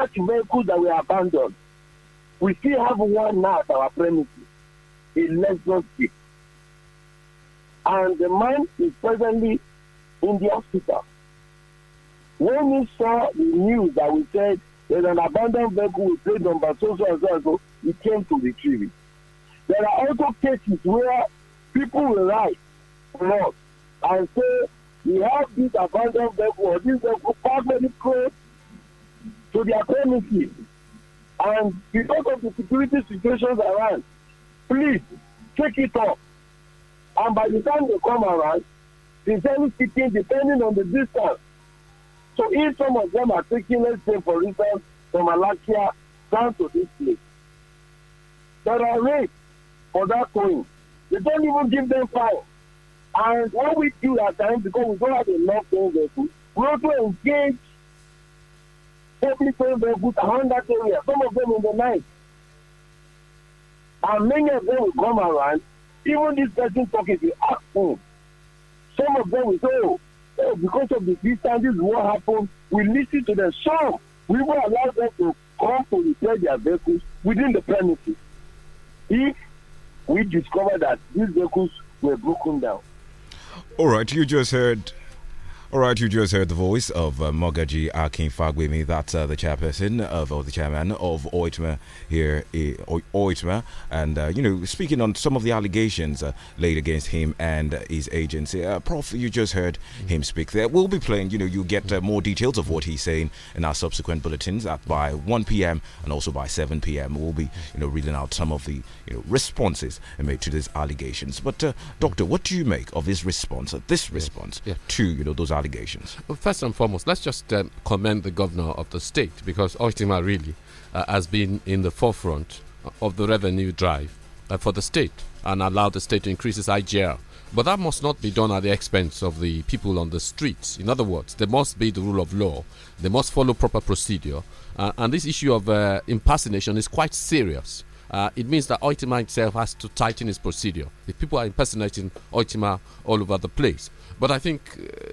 such vehicles that were abandoned. We still have one now at our premises, a Lexus Jeep. And the man is presently in the hospital. When we saw the news that we said there's an abandoned vehicle with plate number so so and so and so, he came to retrieve it. There are also cases where people will write to us and say, we have this abandoned vehicle or this vehicle parked many close to their premises. And because of the security situations around, please take it up. And by the time they come around, the service kicking depending on the distance. So if some of them are taking, let's say, for instance, from Alakia down to this place, there are rates for that going. They don't even give them fine. And what we do at times, because we don't have enough things, we also engage probably playing very good around that area, some of them in the night. And many of them will come around. Even this person talking, to you ask him, some of them will say, oh, oh, because of the distance, this is what happened. We listen to them. so we will allow them to come to repair their vehicles within the premises. If we discover that these vehicles were broken down. All right, you just heard all right, you just heard the voice of uh, Mogaji Akinfagwimi. That's uh, the chairperson of, or the chairman of Oitma here, eh, Oitma. And, uh, you know, speaking on some of the allegations uh, laid against him and his agency. Uh, Prof, you just heard mm -hmm. him speak there. We'll be playing, you know, you get uh, more details of what he's saying in our subsequent bulletins at by 1 p.m. and also by 7 p.m. We'll be, you know, reading out some of the, you know, responses made to these allegations. But, uh, Doctor, what do you make of this response, this response yeah. Yeah. to, you know, those allegations? allegations? Well, first and foremost, let's just um, commend the governor of the state because Oshtima really uh, has been in the forefront of the revenue drive uh, for the state and allowed the state to increase its IGR. But that must not be done at the expense of the people on the streets. In other words, there must be the rule of law, they must follow proper procedure. Uh, and this issue of uh, impersonation is quite serious. Uh, it means that Oitima itself has to tighten its procedure. If people are impersonating Oitima all over the place, but I think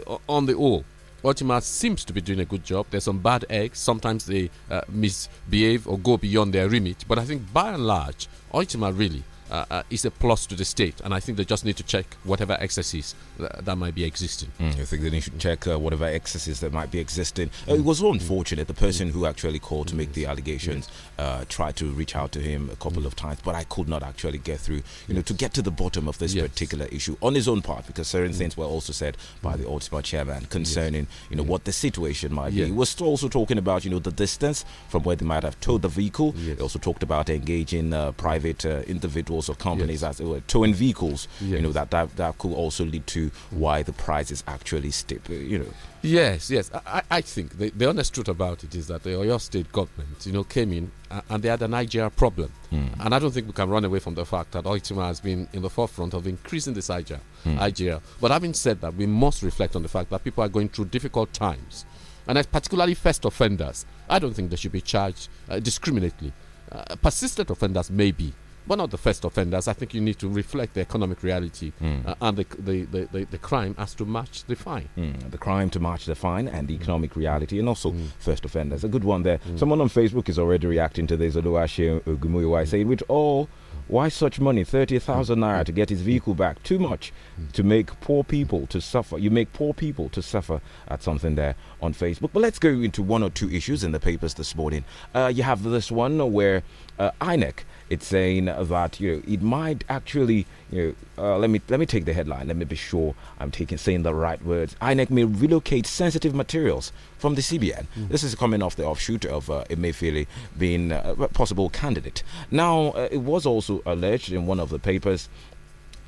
uh, on the whole, Ultima seems to be doing a good job. There's some bad eggs. Sometimes they uh, misbehave or go beyond their remit. But I think by and large, Ultima really uh, uh, is a plus to the state, and I think they just need to check whatever excesses that, that might be existing. Mm, I think they need to check uh, whatever excesses that might be existing. Uh, it was so unfortunate. The person who actually called to make the allegations uh, tried to reach out to him a couple of times, but I could not actually get through. You know, to get to the bottom of this yes. particular issue on his own part, because certain things were also said by the mm. Ultima chairman concerning yes. you know what the situation might be. He was also talking about you know the distance from where they might have towed the vehicle. He also talked about engaging uh, private individuals or companies yes. as it uh, were towing vehicles. Yes. You know that, that that could also lead to why the price is actually steep. You know. Yes, yes. I, I think the, the honest truth about it is that the Oyo State government, you know, came in and they had a Nigeria problem. Mm. And I don't think we can run away from the fact that Oitima has been in the forefront of increasing this IGR. Mm. But having said that, we must reflect on the fact that people are going through difficult times. And as particularly first offenders, I don't think they should be charged uh, discriminately. Uh, persistent offenders, maybe one not the first offenders. I think you need to reflect the economic reality mm. uh, and the, the, the, the, crime has to match the fine. Mm. The crime to match the fine and the hmm. economic reality, and also mm. first offenders. A good one there. Hmm. Someone on Facebook is already reacting to this. Oluwase Ogumuyiwa hmm. saying, with all, why such money? 30,000 naira to get his vehicle back. Too much to make poor people to suffer. You make poor people to suffer at something there on Facebook. But let's go into one or two issues in the papers this morning. Uh, you have this one where uh, INEC it's saying that you know it might actually you know uh, let me let me take the headline. Let me be sure I'm taking saying the right words. INEC may relocate sensitive materials from the CBN. Mm -hmm. This is coming off the offshoot of uh, Emefiele being uh, a possible candidate. Now uh, it was also alleged in one of the papers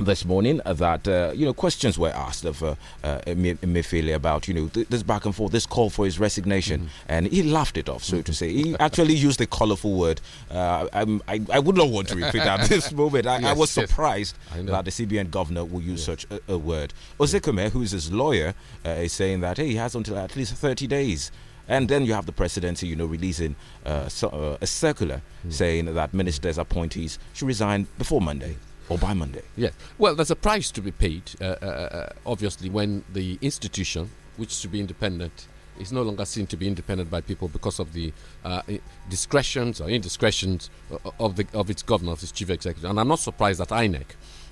this morning that uh, you know questions were asked of uh, uh, Mifili about you know th this back and forth, this call for his resignation, mm. and he laughed it off, so to say. He actually used a colourful word. Uh, I, I would not want to repeat that at this moment. I, yes, I was surprised yes. I that the CBN governor will use yes. such a, a word. Ozekome, who is his lawyer, uh, is saying that hey, he has until at least 30 days. And then you have the presidency, you know, releasing uh, so, uh, a circular mm. saying that ministers' appointees should resign before Monday or by Monday. Yes. Well, there's a price to be paid, uh, uh, uh obviously, when the institution, which should be independent, is no longer seen to be independent by people because of the uh, discretions or indiscretions of the of its governor, of its chief executive. And I'm not surprised that INEC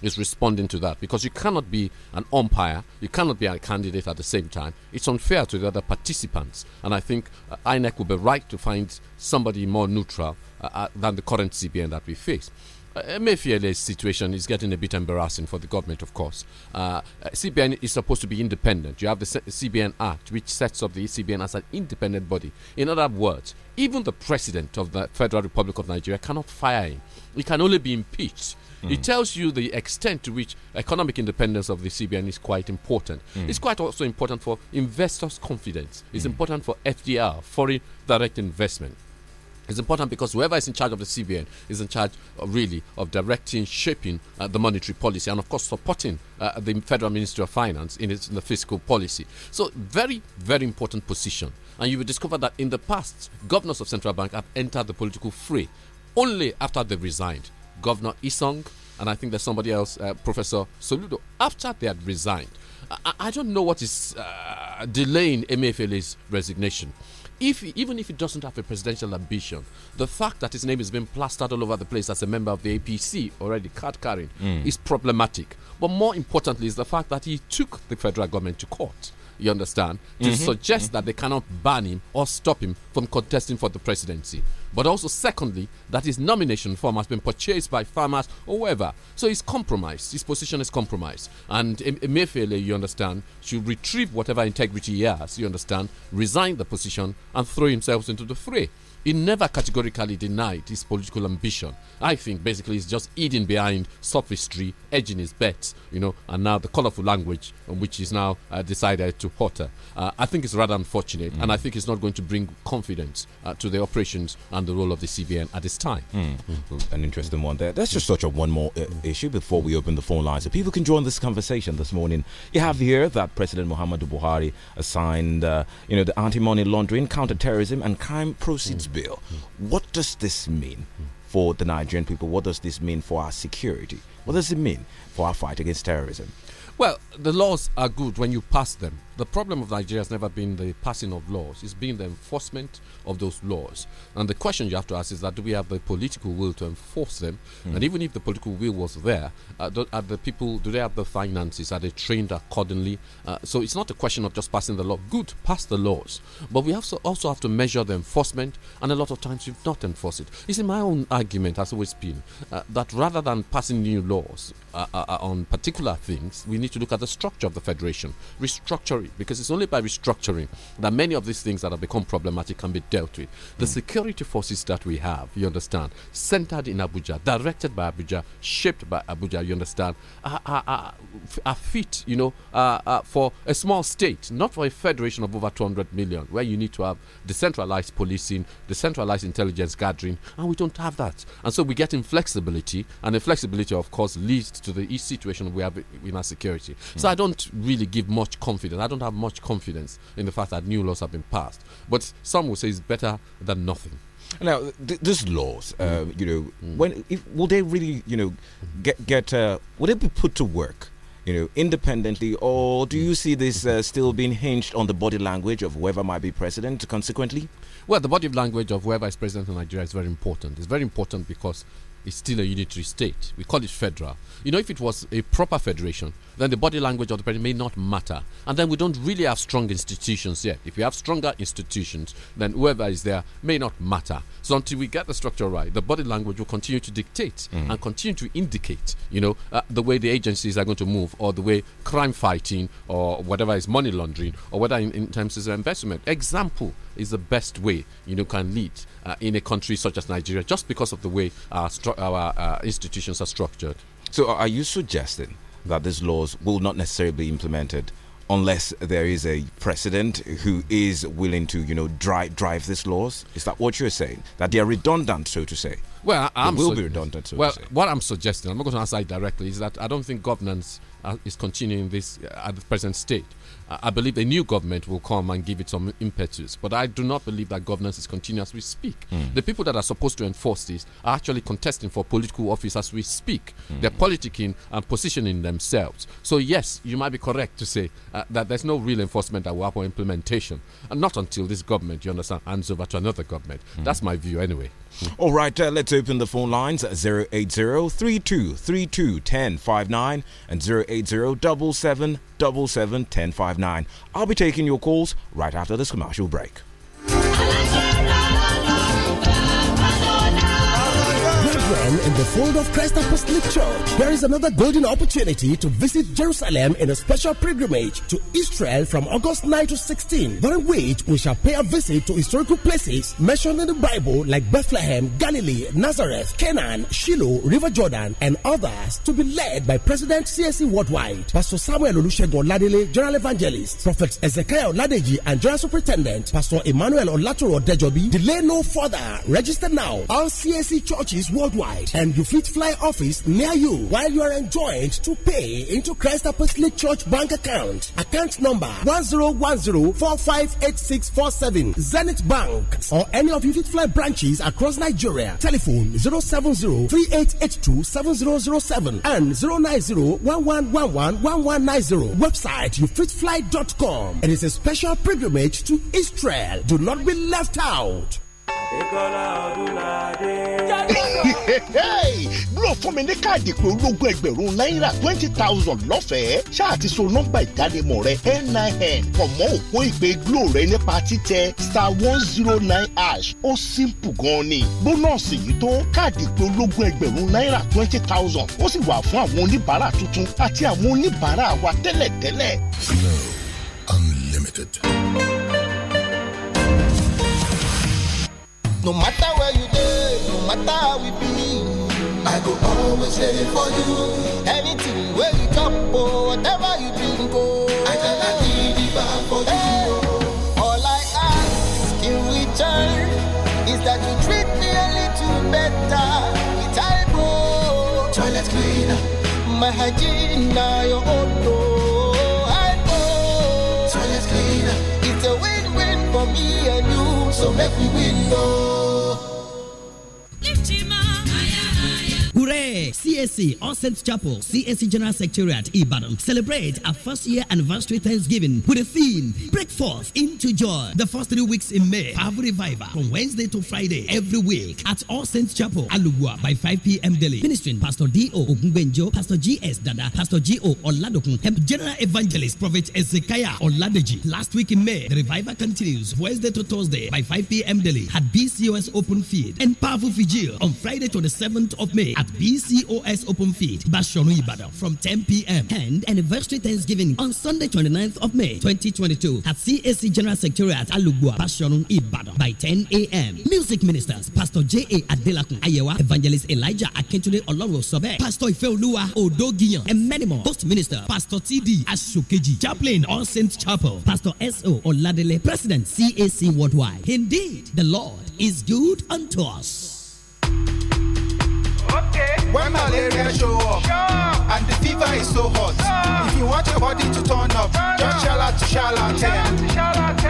is responding to that because you cannot be an umpire, you cannot be a candidate at the same time. It's unfair to the other participants, and I think uh, INEC would be right to find somebody more neutral uh, uh than the current CBN that we face. Uh, Mayfield's situation is getting a bit embarrassing for the government, of course. Uh, uh CBN is supposed to be independent. You have the CBN Act, which sets up the CBN as an independent body. In other words, even the president of the Federal Republic of Nigeria cannot fire him. He can only be impeached. Mm. It tells you the extent to which economic independence of the CBN is quite important. Mm. It's quite also important for investors' confidence. It's mm. important for FDR, foreign direct investment. It's important because whoever is in charge of the CBN is in charge, of, uh, really, of directing, shaping uh, the monetary policy, and of course supporting uh, the Federal Ministry of Finance in, its, in the fiscal policy. So, very, very important position. And you will discover that in the past, governors of central bank have entered the political fray only after they've resigned. Governor Isong, and I think there's somebody else, uh, Professor Soludo, after they had resigned. I, I don't know what is uh, delaying Emefele's resignation if even if he doesn't have a presidential ambition, the fact that his name is being plastered all over the place as a member of the APC already card carrying mm. is problematic. But more importantly is the fact that he took the federal government to court you understand, to mm -hmm. suggest mm -hmm. that they cannot ban him or stop him from contesting for the presidency. But also, secondly, that his nomination form has been purchased by farmers or whoever. So he's compromised. His position is compromised. And Emefiele, you understand, should retrieve whatever integrity he has, you understand, resign the position, and throw himself into the fray. He never categorically denied his political ambition. I think basically he's just hidden behind sophistry, edging his bets, you know, and now the colorful language on which he's now uh, decided to potter. Uh, I think it's rather unfortunate, mm. and I think it's not going to bring confidence uh, to the operations and the role of the CBN at this time. Mm. Mm. An interesting one there. Let's just touch on one more uh, issue before we open the phone lines so people can join this conversation this morning. You have here that President Muhammadu Buhari assigned, uh, you know, the anti-money laundering, counter-terrorism, and crime proceeds bill. What does this mean for the Nigerian people? What does this mean for our security? What does it mean for our fight against terrorism? Well, the laws are good when you pass them. The problem of Nigeria has never been the passing of laws, it's been the enforcement of those laws. And the question you have to ask is that do we have the political will to enforce them? Mm. And even if the political will was there, uh, do, are the people, do they have the finances? Are they trained accordingly? Uh, so it's not a question of just passing the law. Good, pass the laws. But we have so, also have to measure the enforcement, and a lot of times we've not enforced it. You see, my own argument, has always been, uh, that rather than passing new laws uh, uh, uh, on particular things, we need to look at the the structure of the federation. Restructure it because it's only by restructuring that many of these things that have become problematic can be dealt with. The mm. security forces that we have, you understand, centered in Abuja, directed by Abuja, shaped by Abuja, you understand, are, are, are, fit, you know, uh, uh, for a small state, not for a federation of over 200 million, where you need to have decentralized policing, decentralized intelligence gathering, and we don't have that. And so we get inflexibility, and inflexibility, of course, leads to the situation we have in our security. So I don't really give much confidence. I don't have much confidence in the fact that new laws have been passed. But some will say it's better than nothing. Now, th these laws, uh, mm. you know, mm. when if, will they really, you know, get get? Uh, will they be put to work? you know, independently, or do you see this uh, still being hinged on the body language of whoever might be president consequently? Well, the body of language of whoever is president in Nigeria is very important. It's very important because it's still a unitary state. We call it federal. You know, if it was a proper federation, then the body language of the president may not matter. And then we don't really have strong institutions yet. If we have stronger institutions, then whoever is there may not matter. So until we get the structure right, the body language will continue to dictate mm. and continue to indicate, you know, uh, the way the agencies are going to move or the way crime fighting or whatever is money laundering or whether in, in terms of investment. Example is the best way, you know, can lead uh, in a country such as Nigeria just because of the way our, our uh, institutions are structured. So uh, are you suggesting that these laws will not necessarily be implemented unless there is a president who is willing to, you know, drive drive these laws? Is that what you're saying? That they are redundant, so to say? Well, I will be redundant. So well, what I'm suggesting, I'm not going to answer it directly, is that I don't think governance uh, is continuing this uh, at the present state. I believe a new government will come and give it some impetus. But I do not believe that governance is continuous. we speak. Mm. The people that are supposed to enforce this are actually contesting for political office as we speak. Mm. They're politicking and positioning themselves. So, yes, you might be correct to say uh, that there's no real enforcement that will happen implementation. And not until this government, you understand, hands over to another government. Mm. That's my view anyway. All right, uh, let's open the phone lines at 080-3232-1059 and 080-777-1059. I'll be taking your calls right after this commercial break. brethren in the fold of Christ Apostolic Church, there is another golden opportunity to visit Jerusalem in a special pilgrimage to Israel from August 9 to 16, during which we shall pay a visit to historical places mentioned in the Bible like Bethlehem, Galilee, Nazareth, Canaan, Shiloh, River Jordan, and others to be led by President CSE Worldwide, Pastor Samuel Olusegun Oladele, General Evangelist, Prophet Ezekiel Oladeji, and General Superintendent, Pastor Emmanuel Olatoro Dejobi. Delay no further. Register now. All CSE churches worldwide worldwide and you fit fly office near you while you are enjoined to pay into Christ Apostolic Church bank account. Account number 1010458647 Zenith Bank or any of you fit fly branches across Nigeria. Telephone 07038827007 and 09011111190. Website And It is a special pilgrimage to Israel. Do not be left out. Ìkọlá Ọdúnládé. Dúró fún mi ní káàdì pé ológun ẹgbẹ̀rún náírà twenty thousand lọ́fẹ̀ẹ́. Ṣáà ti so nọ́mbà ìdánimọ̀ rẹ NIN pọ̀ mọ́ òpó ìpè Glo rẹ nípa títẹ star one zero nine hash. Ó simple gan-an ni. Bónọ́ọ̀sì yìí tó káàdì pé ológun ẹgbẹ̀rún náírà twenty thousand. Ó sì wà fún àwọn oníbàárà tuntun àti àwọn oníbàárà wa tẹ́lẹ̀tẹ́lẹ̀. Glo Unlimited. No matter where you go, no matter how we be. I go always ready for you. Anything where you come, oh, whatever you drink, oh. I cannot be the bar for hey. you. Oh. All I ask in return is that you treat me a little better. It's I Toilet cleaner. My hygiene, your own oh. Toilet cleaner. It's a win-win for me and you so make we win, no. CSC, All Saints Chapel, CSC General Secretariat, Ibadan. Celebrate our first year anniversary Thanksgiving with a theme Break Forth into Joy. The first three weeks in May, Powerful Revival from Wednesday to Friday every week at All Saints Chapel, Alugua by 5 p.m. daily. Ministering Pastor D.O. Ogunbenjo, Pastor G.S. Dada, Pastor G.O. Oladokun, and General Evangelist Prophet Ezekiah Oladeji. Last week in May, the revival continues Wednesday to Thursday by 5 p.m. daily at BCOS Open Field and Powerful Vigil on Friday 27th of May at BCOS. COS e Open Feed, Bashorun Ibadan, from 10 p.m. And anniversary Thanksgiving on Sunday, 29th of May, 2022, at CAC General Secretariat, Alugua, Bashorun Ibadan, by 10 a.m. Music ministers, Pastor J.A. Adelakun Ayewa, Evangelist Elijah Akintunde Oloro Sobe, Pastor Ifeoluwa Odogiyan, and many more. Post minister, Pastor T.D. Ashokeji, Chaplain, All Saints Chapel, Pastor S.O. Oladele, President, CAC Worldwide. Indeed, the Lord is good unto us. when malaria show up and the fever is so hot. If you want your body to turn up, just shala to charlatan.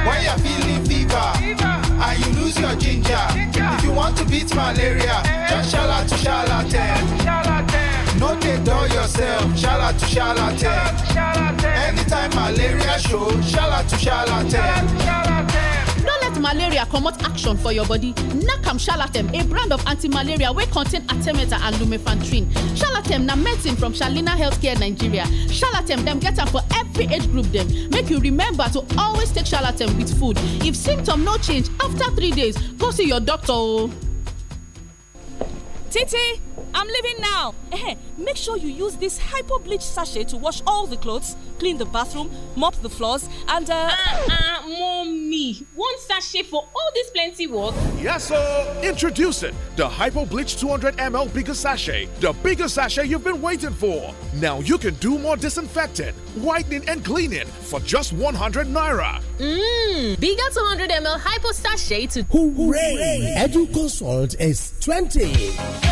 When you're feeling fever and you lose your ginger, if you want to beat malaria, eh? just shala to charlatan. No they dull yourself, shala to charlatan. Anytime malaria show, shala to charlatan malaria comot action for your body nakam shalatem a brand of anti-malaria wey contain artemata and lumefantrine shalatem na medicine from shalina healthcare nigeria shalatem dem get am for every age group dem make you remember to always take shalatem with food if symptom no change after three days go see your doctor o. titi i'm leaving now make sure you use this hypo bleach sachet to wash all the clothes clean the bathroom mop the floors and. Uh... Uh, uh, free. One sachet for all this plenty work. Yes, sir. Introducing the Hypo Bleach 200 ml bigger sachet. The bigger sachet you've been waiting for. Now you can do more disinfecting, whitening, and cleaning for just 100 naira. Mmm. Bigger 200 ml Hypo sachet to. Hooray! Hooray. Edu Consult is 20.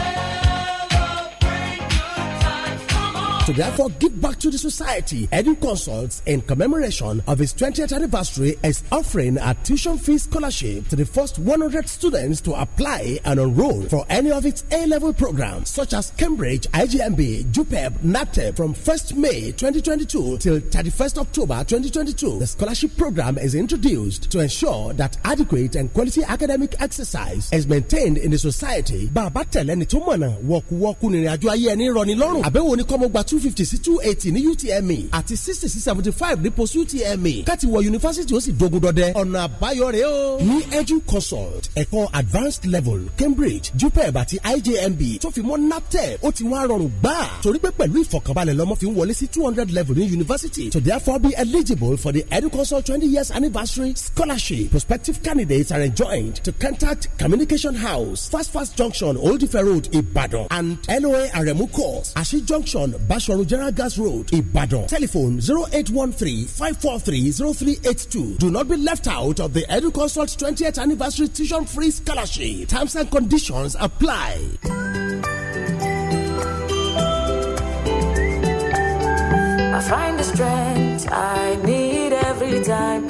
to therefore give back to the society. Edu Consults, in commemoration of its 20th anniversary, is offering a tuition fee scholarship to the first 100 students to apply and enroll for any of its A level programs, such as Cambridge, IGMB, JUPEB, NAPTEP, from 1st May 2022 till 31st October 2022. The scholarship program is introduced to ensure that adequate and quality academic exercise is maintained in the society. Bàbá tẹ̀lẹ́ni tó mọ̀nà wọ̀kúwọ́kú ni ayé ẹni rọ̀ ni kọ́mọgbà t two fifty sí two eighty ní UTME àti sixty sí seventy five ní post UTME káti wọ yunifásitì ó sì dogun dọdẹ ọ̀nà àbáyọ rèé o. ní edu consult ẹ̀kọ́ advanced level Cambridge JUPEB àti IJMB tó fi mọ́ NAPTEP ó ti wá rọrùn gbà torí pé pẹ̀lú ìfọ̀kànbalẹ̀ lọ́mọ fi ń wọlé sí two hundred level ní yunifásitì to therefore be eligible for the edu consult twenty years anniversary scholarship prospective candidates are enjoined to contact Communication House Fast Fast Junction Old Ife Road Ibadan and NOA Aremu course Ashi Junction Bashe Asoro General Gas Road, Ibadan. Telephone 0813-543-0382. Do not be left out of the EduConsult 20th Anniversary Tuition Free Scholarship. Terms and conditions apply. I find the strength I need every time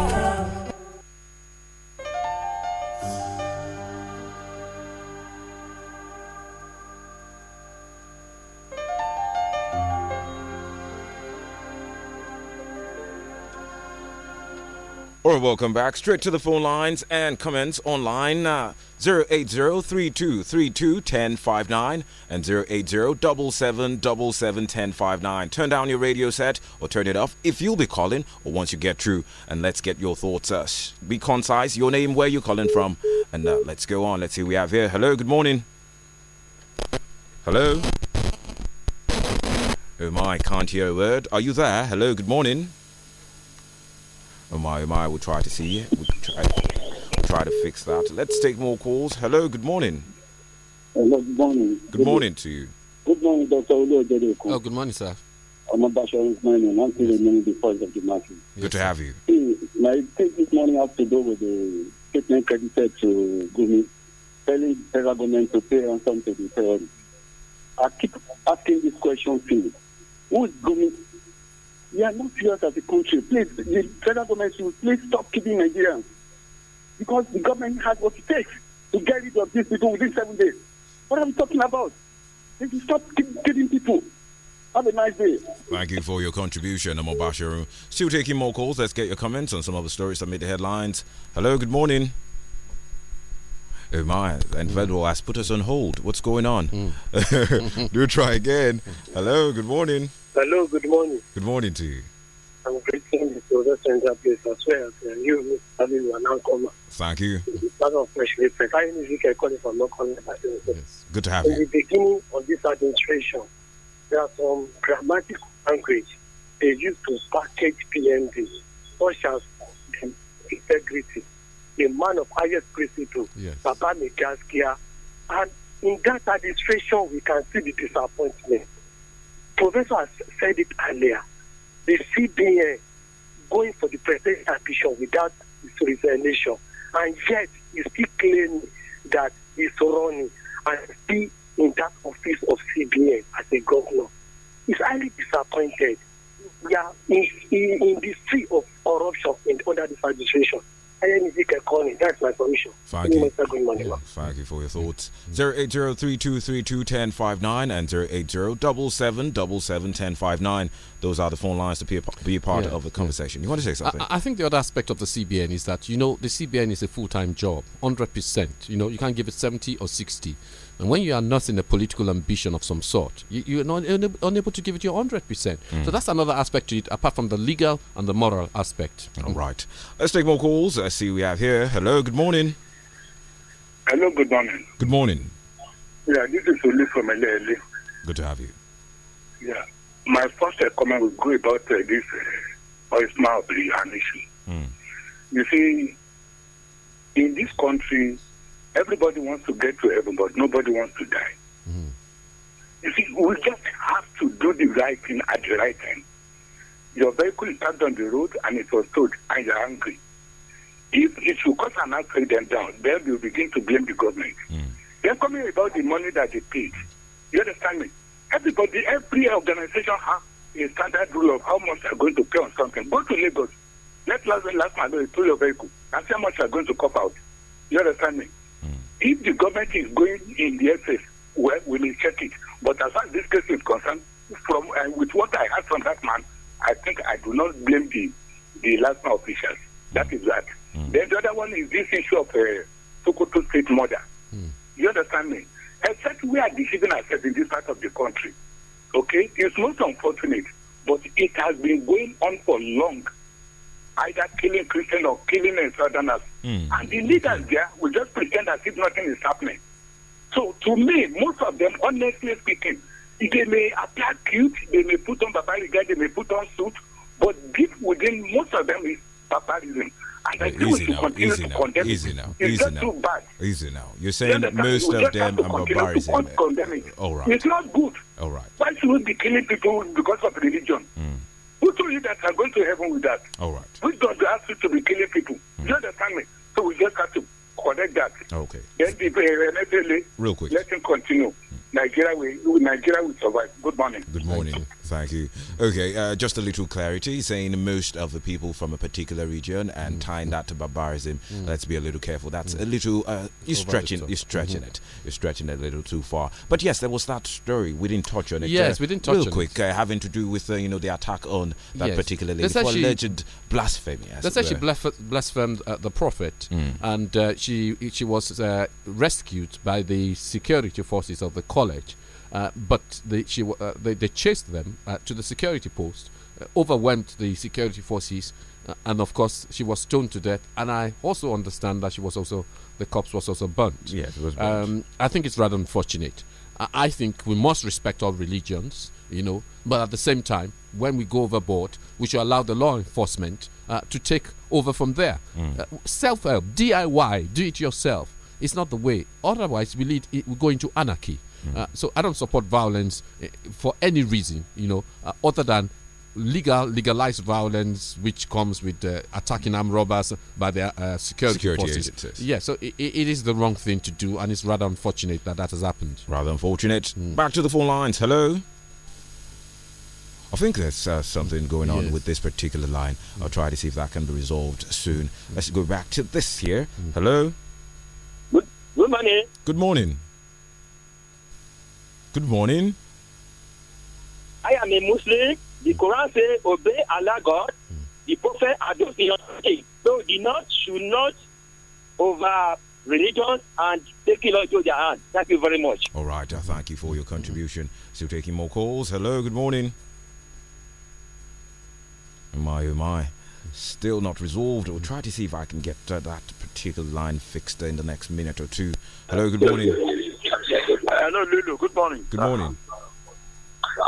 Or welcome back straight to the phone lines and comments online uh, 80 1059 and 80 777 Turn down your radio set or turn it off if you'll be calling or once you get through and let's get your thoughts. Uh, be concise, your name, where you're calling from and uh, let's go on. Let's see we have here. Hello, good morning. Hello? Oh my, can't hear a word. Are you there? Hello, good morning. Omai Omai will try to see it. We try, we'll try to fix that. Let's take more calls. Hello, good morning. Hello, good morning. Good, good morning to you. Good morning, Dr. Olu Oh, good morning, sir. I'm Ambassador Ismail, and I'm still remaining the voice of the market. Yes. Good to have you. My take this morning has to do with the statement credited to Gumi telling the federal government to pay ransom to the terrorists. I keep asking this question to you. Who is Gumi we are not serious as a country. Please, the federal government should please stop killing Nigerians. Because the government has what it takes to get rid of these people within seven days. What are we talking about? They should stop killing people. Have a nice day. Thank you for your contribution, Amor Bashiru. Still taking more calls. Let's get your comments on some of the stories that made the headlines. Hello, good morning oh my, and Federal mm. has put us on hold. What's going on? Mm. Do try again. Hello, good morning. Hello, good morning. Good morning to you. I'm greeting the production place as well as you, Mr. Anankoma. Thank you. That's of fresh repress. I am calling from Lokon. Yes. Good to have In you. In the beginning of this administration, there are some dramatic language they used to package PMD, such as integrity, a man of highest principle, yes. Baba Megaskia. And in that administration, we can see the disappointment. Professor has said it earlier. The CBN going for the presidential ambition without his resignation. And yet, he still claiming that he's running and still in that office of CBN as a governor. He's highly disappointed. We are in, in, in the sea of corruption in, under this administration. INEC That's my solution. Thank you. Yeah, thank you for your thoughts. 08032321059 and double seven ten five nine. Those are the phone lines to be a, be a part yeah, of the conversation. Yeah. You want to say something? I, I, think the other aspect of the CBN is that, you know, the CBN is a full time job, 100%. You know, you can't give it 70 or 60. And when you are not in a political ambition of some sort, you, are not unable, unable to give it your 100%. Mm. So that's another aspect to it, apart from the legal and the moral aspect. All right. Let's take more calls. I see we have here. Hello, good morning. Hello, good morning. Good morning. Yeah, this is Olu from LLA. Good to have you. Yeah. My first uh, comment will go about uh, this uh, Oisma of the issue. Mm. You see, in this country, Everybody wants to get to heaven, but nobody wants to die. Mm. You see, we just have to do the right thing at the right time. Your vehicle is parked on the road and it was towed, and you're angry. If it will cause an accident down, then you begin to blame the government. Mm. They're coming about the money that they paid. You understand me? Everybody, every organization has a standard rule of how much they're going to pay on something. Go to Lagos. Let last last man they you pull your vehicle and see how much you're going to cop out. You understand me? if the government is going in the excess, well, we will check it. But as far as this case is concerned, from uh, with what I heard from that man, I think I do not blame the the last officials. That is that. Mm. Then the other one is this issue of uh, Sokoto state murder. Mm. You understand me? Except we are deceiving ourselves in this part of the country. Okay, it's most unfortunate, but it has been going on for long either killing Christians or killing insurgents. Mm. And the leaders there will just pretend as if nothing is happening. So to me, most of them, honestly speaking, they may appear cute, they may put on Baba Riga, they may put on suit, but deep within most of them is barbarism. And uh, now, easy now, easy it. Now, it's easy now, bad. Easy now. You're saying most of them are barbarism. All right. It's not good. All right. Why should we be killing people because of religion? Mm. Who told you that I'm going to heaven with that? All right. Which God asked you to be killing people? Mm. You understand me? So we just have to connect that. Okay. Then the, uh, Real quick. Let him continue. Mm. Nigeria will Nigeria will survive. Good morning. Good morning thank you. Okay, uh, just a little clarity saying most of the people from a particular region and mm. tying that to barbarism. Mm. Let's be a little careful. That's mm. a little, uh, you're stretching, you're stretching -hmm. it. You're stretching it a little too far. But yes, there was that story. We didn't touch on it. Yes, uh, we didn't touch real on quick, it. Real quick, having to do with, uh, you know, the attack on that yes. particular lady that's for alleged blasphemy. That's actually blasphemed uh, the prophet. Mm. And she, she was rescued by the security forces of the college uh, but they, she, uh, they, they, chased them uh, to the security post, uh, overwhelmed the security forces, uh, and of course she was stoned to death. And I also understand that she was also the cops was also burnt. Yes, it was. Burnt. Um, I think it's rather unfortunate. I, I think we must respect all religions, you know, but at the same time, when we go overboard, we should allow the law enforcement uh, to take over from there. Mm. Self help, DIY, do it yourself it's not the way. Otherwise, we lead we go into anarchy. Mm. Uh, so I don't support violence eh, for any reason, you know, uh, other than legal legalized violence which comes with uh, attacking armed robbers by their uh, security, security forces. agencies. Yeah, so it, it is the wrong thing to do, and it's rather unfortunate that that has happened. Rather unfortunate. Mm. Back to the phone lines. Hello. I think there's uh, something going on with this particular line. I'll try to see if that can be resolved soon. Let's go back to this here. Mm. Hello. Good morning. Good morning. Good morning. I am a Muslim. The Quran says, obey Allah God. The Prophet adopts the authority. So the North should not over religion and take it into their hands. Thank you very much. All right. I thank you for your contribution. Still taking more calls. Hello. Good morning. my, oh my still not resolved. We'll try to see if I can get uh, that particular line fixed in the next minute or two. Hello, good morning. Hello, Lulu. Good morning. Good morning. Uh,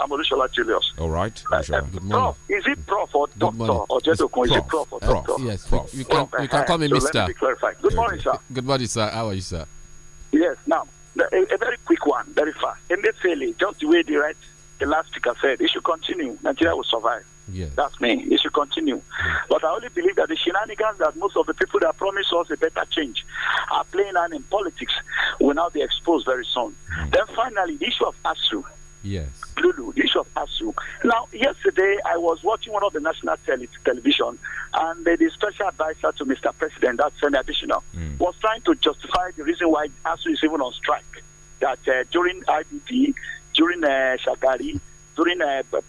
I'm Olushola Julius. All right, uh, uh, Good morning. Prof, is it prof or doctor or just a it prof or doctor? Yes, prof. You, can, you can call me so Mr. Let me clarify. Good morning, sir. Good morning, sir. How are you, sir? Yes, now, a, a very quick one, very fast. Emefiele, just the way the right, the last speaker said, it should continue. Nigeria will survive. Yes. That's me. It should continue. But I only believe that the shenanigans that most of the people that promise us a better change are playing on in politics will now be exposed very soon. Mm. Then finally, the issue of ASU. Yes. Lulu, the issue of ASU. Now, yesterday I was watching one of the national tele television, and the, the special advisor to Mr. President, that's an additional, mm. was trying to justify the reason why ASU is even on strike. That uh, during IBD, during uh, Shagari, during uh, uh,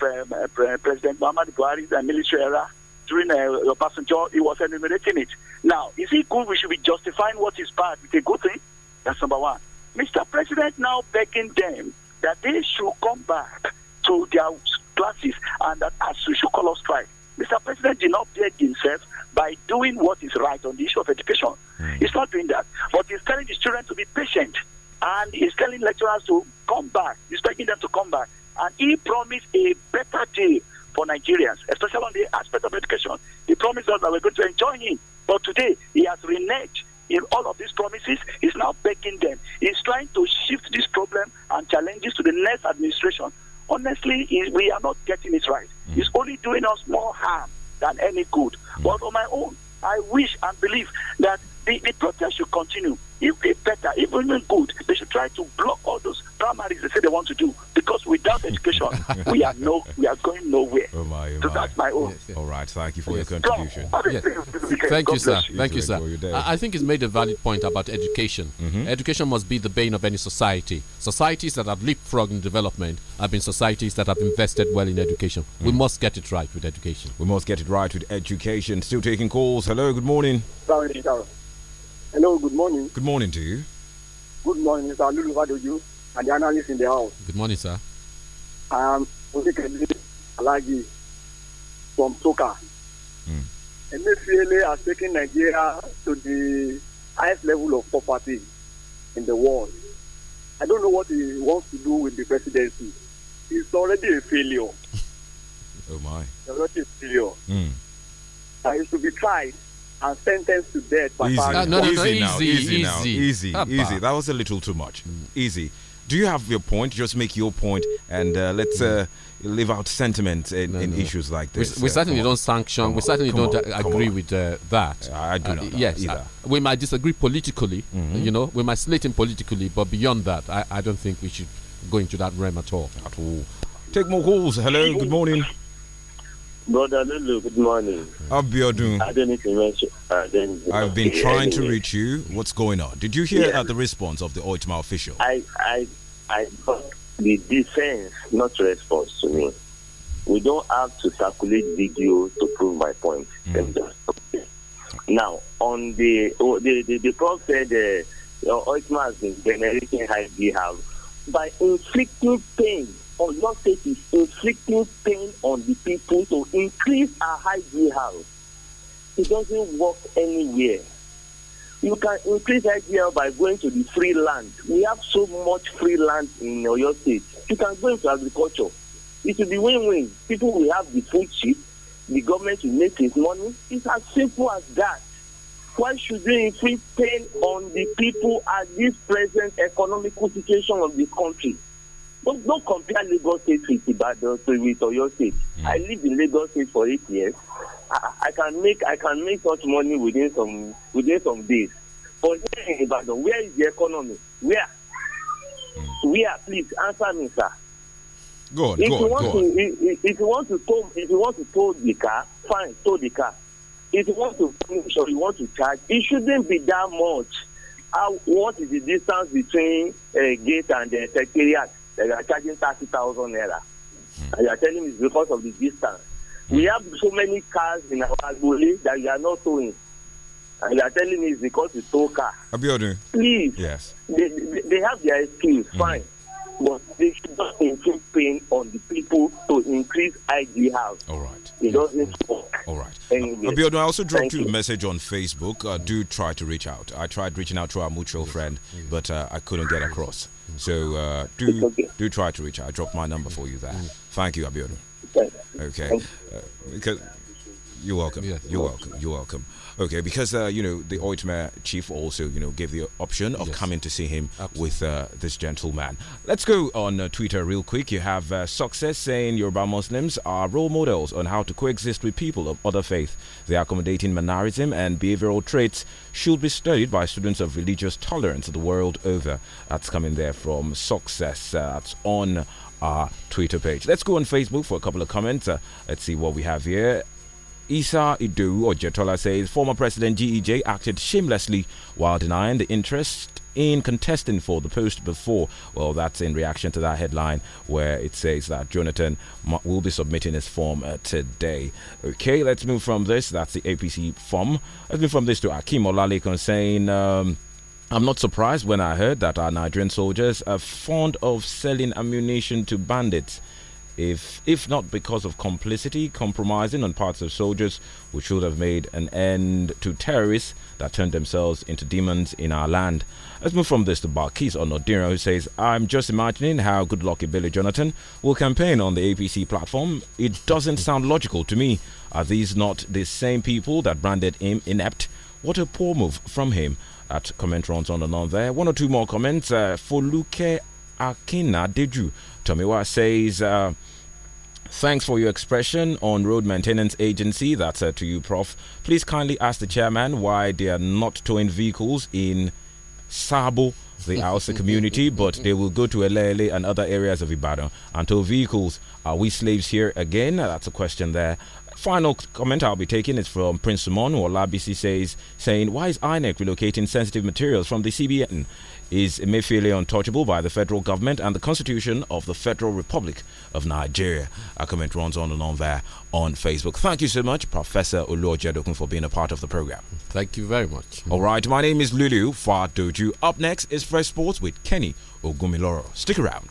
President Muhammad Buhari's uh, military era, during uh, Obasanjo, he was eliminating it. Now, is it good we should be justifying what is bad with a good thing? That's number one. Mr. President now begging them that they should come back to their classes and that as we should call us strike. Mr. President did not beg himself by doing what is right on the issue of education. Hmm. He's not doing that. But he's telling the students to be patient and he's telling lecturers to come back. He's begging them to come back. And he promised a better day for Nigerians, especially on the aspect of education. He promised us that we're going to enjoy him. But today, he has reneged in all of these promises. He's now begging them. He's trying to shift this problem and challenges to the next administration. Honestly, we are not getting it right. Mm. He's only doing us more harm than any good. Mm. But on my own, I wish and believe that the, the protest should continue. If better, even good, they should try to block all those primaries they say they want to do education, we are no, we are going nowhere. Oh my, oh my. So that's my own. Yes, yes. All right, thank you for yes. your contribution. Yes. Thank you, sir. You. Thank you, sir. I think it's made a valid point about education. Mm -hmm. Education must be the bane of any society. Societies that have leapfrogged in development have been societies that have invested well in education. Mm. We must get it right with education. We must get it right with education. Still taking calls. Hello, good morning. Hello, good morning. Good morning to you. Good morning, Mr. Lulu Vadoju and the analyst in the house. Good morning, sir. I am um, Onikende Alagi from Toka. Mm. Emefiele has taken Nigeria to the highest level of poverty in the world. I don't know what he wants to do with the presidency. He's already a failure. oh my. He's already a failure. Mm. Uh, he should be tried and sentenced to death by easy. No, no, no, easy, easy, now, easy, easy, now, easy, easy. That was a little too much. Mm. Easy do you have your point? Just make your point, and uh, let's mm. uh, leave out sentiment in, no, no. issues like this. We, we certainly don't sanction. Come we certainly on, don't on, agree with uh, that. I do uh, not. yes, uh, we might disagree politically. Mm -hmm. You know, we might slate him politically, but beyond that, I, I don't think we should go into that realm at all. At all. Take more calls. Hello. Good morning. Brother Lulu, good morning. Abiodun. I I didn't I've been trying to reach you. What's going on? Did you hear yeah. Uh, the response of the Oitma official? I, I, I got the defense, not response to me. We don't have to circulate video to prove my point. Mm. Now, on the, oh, the, the, the prof said uh, Oitma has been generating high by inflicting pain of state is inflicting pain on the people to increase our high GL. It doesn't work anywhere. You can increase IGL by going to the free land. We have so much free land in your state. You can go into agriculture. It will be win-win. People will have the food cheap. The government will make its money. It's as simple as that. Why should we inflict pain on the people at this present economical situation of the country? Don't, don't compare Lagos State with Ibadan to with Oyo State. Mm. I live in Lagos State for eight years. I, I, can make I can make such money within some within some days. But here in Ibadan, where is the economy? Where? Hmm. Where? Please answer me, sir. Go on, if go you want go to, on. If, if, you want to tow, if you want to tow the car, fine, tow the car. If you want to finish or you want to charge, it shouldn't be that much. How, what is the distance between uh, gate and the uh, secretariat? They are charging 30,000 naira. And you are telling me it's because of the distance. We hmm. have so many cars in our Agboli that you are not towing. And you are telling me it's because you tow car. Abiodun. Please. Yes. They, they, they have their excuse. Hmm. Fine. Mm but they should not inflict pain on the people to increase ID house. All right. It doesn't work. All right. Anyway. Abiodun, I also dropped you, you a message on Facebook. Uh, do try to reach out. I tried reaching out to our mutual friend, but uh, I couldn't get across. So uh, do okay. do try to reach out. I dropped my number for you there. Thank you, Abiodun. Okay. okay. Uh, because you're welcome. Yeah. You're welcome. You're welcome. Okay, because uh, you know the Oitma chief also you know gave the option of yes. coming to see him Absolutely. with uh, this gentleman. Let's go on uh, Twitter real quick. You have uh, success saying Yoruba Muslims are role models on how to coexist with people of other faith. The accommodating mannerism and behavioral traits should be studied by students of religious tolerance the world over. That's coming there from success. Uh, that's on our Twitter page. Let's go on Facebook for a couple of comments. Uh, let's see what we have here. Isa Idu Ojetola says former President GEJ acted shamelessly while denying the interest in contesting for the post before. Well, that's in reaction to that headline where it says that Jonathan will be submitting his form uh, today. Okay, let's move from this. That's the APC form. Let's move from this to Akim Olalekan saying. Um, I'm not surprised when I heard that our Nigerian soldiers are fond of selling ammunition to bandits if if not because of complicity, compromising on parts of soldiers, we should have made an end to terrorists that turned themselves into demons in our land. Let's move from this to Barkis Onodira, who says, I'm just imagining how good lucky Billy Jonathan will campaign on the APC platform. It doesn't sound logical to me. Are these not the same people that branded him inept? What a poor move from him. That comment runs on and on there. One or two more comments. Uh, Foluke Akina you? Tomiwa says, uh, Thanks for your expression on road maintenance agency. That's uh, to you, Prof. Please kindly ask the chairman why they are not towing vehicles in Sabo, the Ausa community, but they will go to Elele and other areas of Ibadan and tow vehicles. Are we slaves here again? That's a question there. Final comment I'll be taking is from Prince Simon, who says, saying, Why is INEC relocating sensitive materials from the CBN? is Emefiele untouchable by the federal government and the constitution of the Federal Republic of Nigeria. Our comment runs on and on there on Facebook. Thank you so much, Professor Oluojedokun, for being a part of the program. Thank you very much. All right, my name is Lulu Fadoju. Up next is Fresh Sports with Kenny Ogumiloro. Stick around.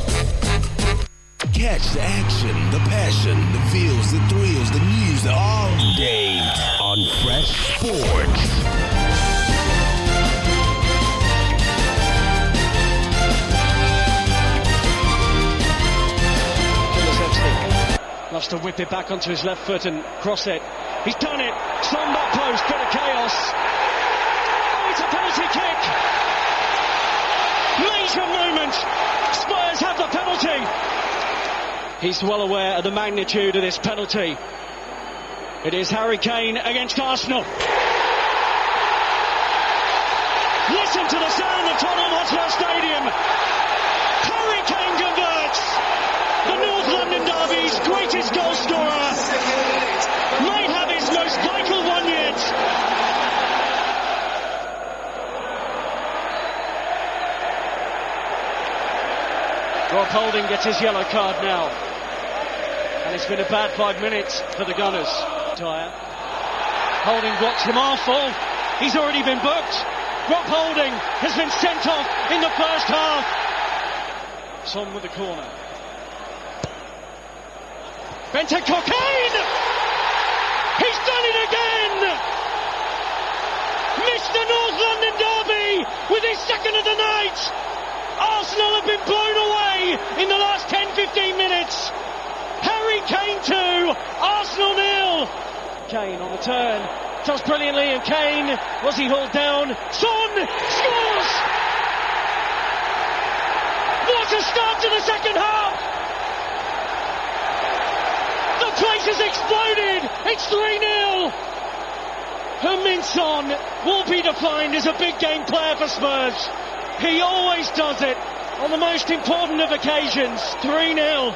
catch the action, the passion, the feels, the thrills, the news all day on Fresh Sports. Loves to whip it back onto his left foot and cross it. He's done it. Slammed that post. Bit of chaos. Oh, it's a penalty kick. Major moment. Spurs have the penalty. He's well aware of the magnitude of this penalty. It is Harry Kane against Arsenal. Listen to the sound of Tottenham Hotspur Stadium. Harry Kane converts. The North London Derby's greatest goal scorer may have his most vital one yet. Rob Holding gets his yellow card now. And it's been a bad five minutes for the Gunners. Tyre. Holding blocks him off. Oh, he's already been booked. Rob Holding has been sent off in the first half. Son with the corner. Bente Cocaine! He's done it again! Mr. North London derby with his second of the night! Arsenal have been blown away in the last 10-15 minutes! Harry Kane 2, Arsenal nil. Kane on the turn, does brilliantly, and Kane, was he hauled down? Son scores! What a start to the second half! The place has exploded! It's 3 0! Hermin Son will be defined as a big game player for Spurs. He always does it on the most important of occasions. 3 0.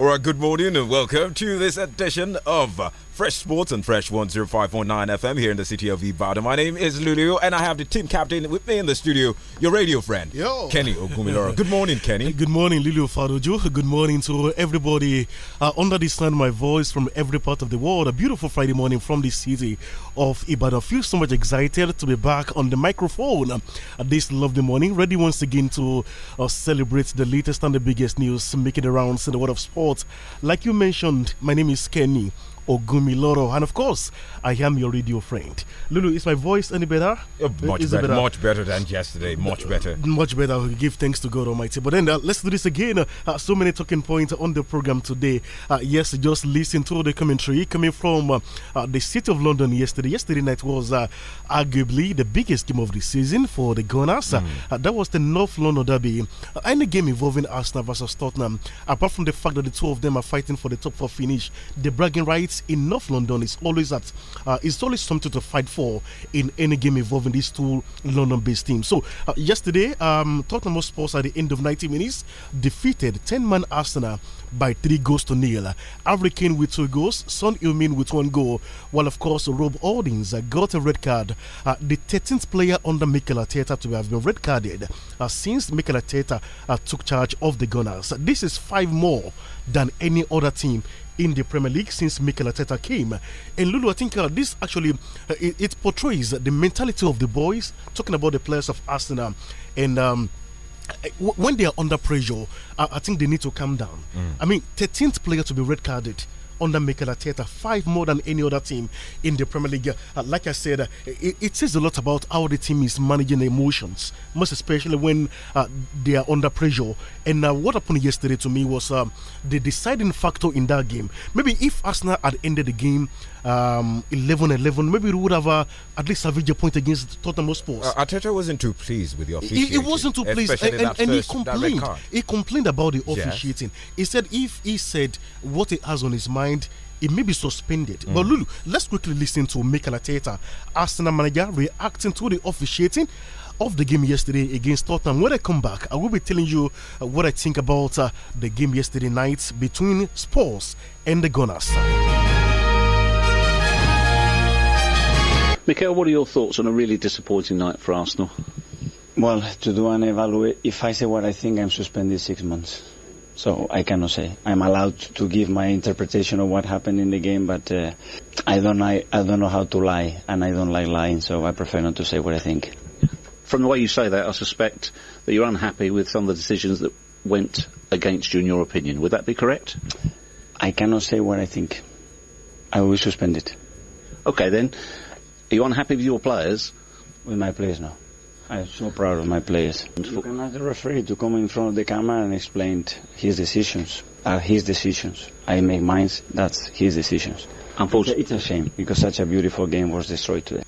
All right, good morning and welcome to this edition of Fresh Sports and Fresh 105.9 FM here in the city of Ibadan. My name is Lulu and I have the team captain with me in the studio, your radio friend, Yo. Kenny Ogumiloro. Good morning, Kenny. Good morning, Lulu Fadojo. Good morning to everybody uh, under the my voice from every part of the world. A beautiful Friday morning from the city of Ibadan. I feel so much excited to be back on the microphone at this lovely morning, ready once again to uh, celebrate the latest and the biggest news making the rounds in the world of sports. Like you mentioned, my name is Kenny. Ogumiloro. And of course, I am your radio friend. Lulu, is my voice any better? Uh, much better, better, Much better than yesterday. Much uh, better. Uh, much better. We give thanks to God Almighty. But then uh, let's do this again. Uh, so many talking points on the program today. Uh, yes, just listen to the commentary coming from the city of London yesterday. Yesterday night was arguably the biggest game of the season for the Gunners. Mm. that was the North London Derby. any game involving Arsenal versus Tottenham, apart from the fact that the two of them are fighting for the top four finish, the bragging rights rights in North London is always at uh, always something to fight for in any game involving these two London-based teams. So uh, yesterday, um, Tottenham Hotspur at the end of 90 minutes defeated 10-man Arsenal by three goals to nil. Harry Kane with two goals, Son Heung-min with one goal, while of course Rob Holdings has uh, got a red card, uh, the 13th player under Mikel Arteta to have been red carded uh, since Mikel Arteta uh, took charge of the Gunners. This is five more than any other team in the Premier League since Mikel Arteta came. And Lulu, I think uh, this actually uh, it, it, portrays the mentality of the boys. Talking about the players of Arsenal and. Um, when they are under pressure, I, think they need to calm down. Mm. I mean, 13th player to be red carded under Mikel Arteta, five more than any other team in the Premier League. Uh, like I said, uh, it, it, says a lot about how the team is managing emotions, most especially when uh, they are under pressure. And uh, what happened yesterday to me was um, the deciding factor in that game. Maybe if Arsenal had ended the game um, 11 11. Maybe we would have uh, at least a a point against Tottenham Sports. Uh, Arteta wasn't too pleased with the officiating. He, he wasn't too pleased, and, and, and he complained. He complained about the officiating. Yes. He said if he said what he has on his mind it may be suspended. Mm. But Lulu, let's quickly listen to Mikel Arteta, Arsenal manager, reacting to the officiating of the game yesterday against Tottenham. When I come back, I will be telling you uh, what I think about uh, the game yesterday night between Spurs and the Gunners. Mikel, what are your thoughts on a really disappointing night for Arsenal? Well, to do an evaluate, if I say what I think, I'm suspended six months. So I cannot say. I'm allowed to give my interpretation of what happened in the game, but uh, I don't I, I don't know how to lie, and I don't like lying, so I prefer not to say what I think. From the way you say that, I suspect that you're unhappy with some of the decisions that went against you, in your opinion. Would that be correct? I cannot say what I think. I will suspend it. Okay, then. Are you unhappy with your players? With my players, no. I'm so proud of my players. You cannot referee to come in front of the camera and explain his decisions. Are uh, his decisions. I make mine. That's his decisions. Unfortunately, it's a shame because such a beautiful game was destroyed today.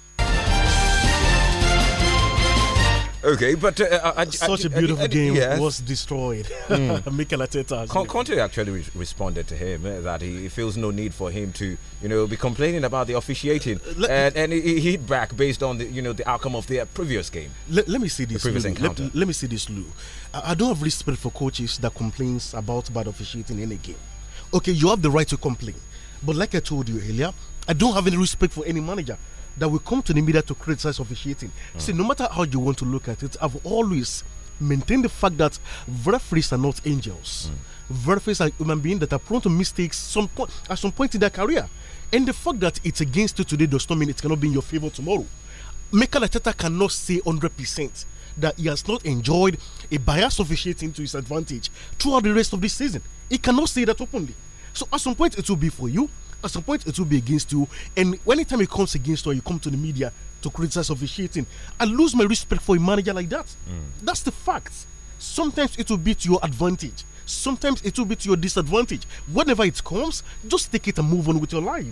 okay, but uh, I, I, such I, a beautiful game yes. was destroyed. Mm. Mikel Arteta. Con Conte actually re responded to him eh, that he feels no need for him to, you know, be complaining about the officiating, uh, and, and he hit back based on the, you know, the outcome of their previous game. Let, let me see this. The previous Lou. encounter. Let, let, me see this, Lou. I, I don't have respect for coaches that complains about bad officiating in a game. Okay, you have the right to complain, but like I told you earlier, I don't have any respect for any manager that will come to the media to criticize officiating. Mm. See, no matter how you want to look at it, I've always maintained the fact that referees are not angels. Mm. Referees are human beings that are prone to mistakes some point, at some point in their career. And the fact that it's against you today does not mean it cannot be in your favor tomorrow. Mikel Arteta cannot say 100% that he has not enjoyed a bias officiating to his advantage throughout the rest of this season. He cannot say that openly. So at some point, it will be for you at some point it will be against you. And anytime it comes against you, you come to the media to criticize officiating. I lose my respect for a manager like that. Mm. That's the fact. Sometimes it will be to your advantage. Sometimes it will be to your disadvantage. Whenever it comes, just take it and move on with your life.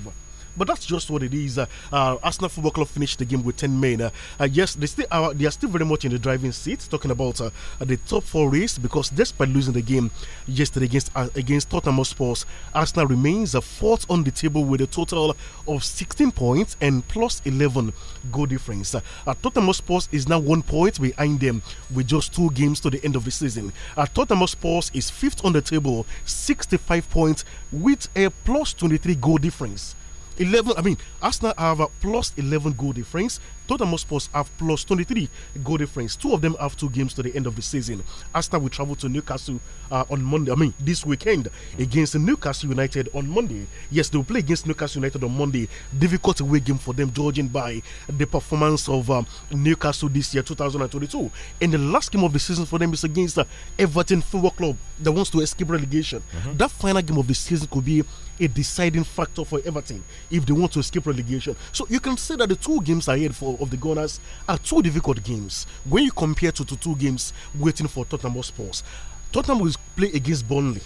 But that's just what it is. Uh, uh, Arsenal Football Club finished the game with 10 men. Uh, uh yes, they still are, they are still very much in the driving seat, talking about uh, uh, the top four race because despite losing the game yesterday against against Tottenham Sports, Arsenal remains a fourth on the table with a total of 16 points and plus 11 goal difference. Uh, Tottenham Sports is now one point behind them with just two games to the end of the season. Uh, Tottenham Sports is fifth on the table, 65 points with a plus 23 goal difference. 11. I mean, Arsenal have a plus 11 goal difference. Tottenham Sports have plus 23 goal difference. Two of them have two games to the end of the season. Arsenal will travel to Newcastle uh, on Monday. I mean, this weekend against Newcastle United on Monday. Yes, they will play against Newcastle United on Monday. Difficult away game for them, judging by the performance of um, Newcastle this year, 2022. And the last game of the season for them is against uh, Everton Football Club that wants to escape relegation. Mm -hmm. That final game of the season could be a deciding factor for Everton if they want to escape relegation. So you can say that the two games ahead for of the Gunners are two difficult games when you compare to the two games waiting for Tottenham Hotspurs. Tottenham will play against Burnley.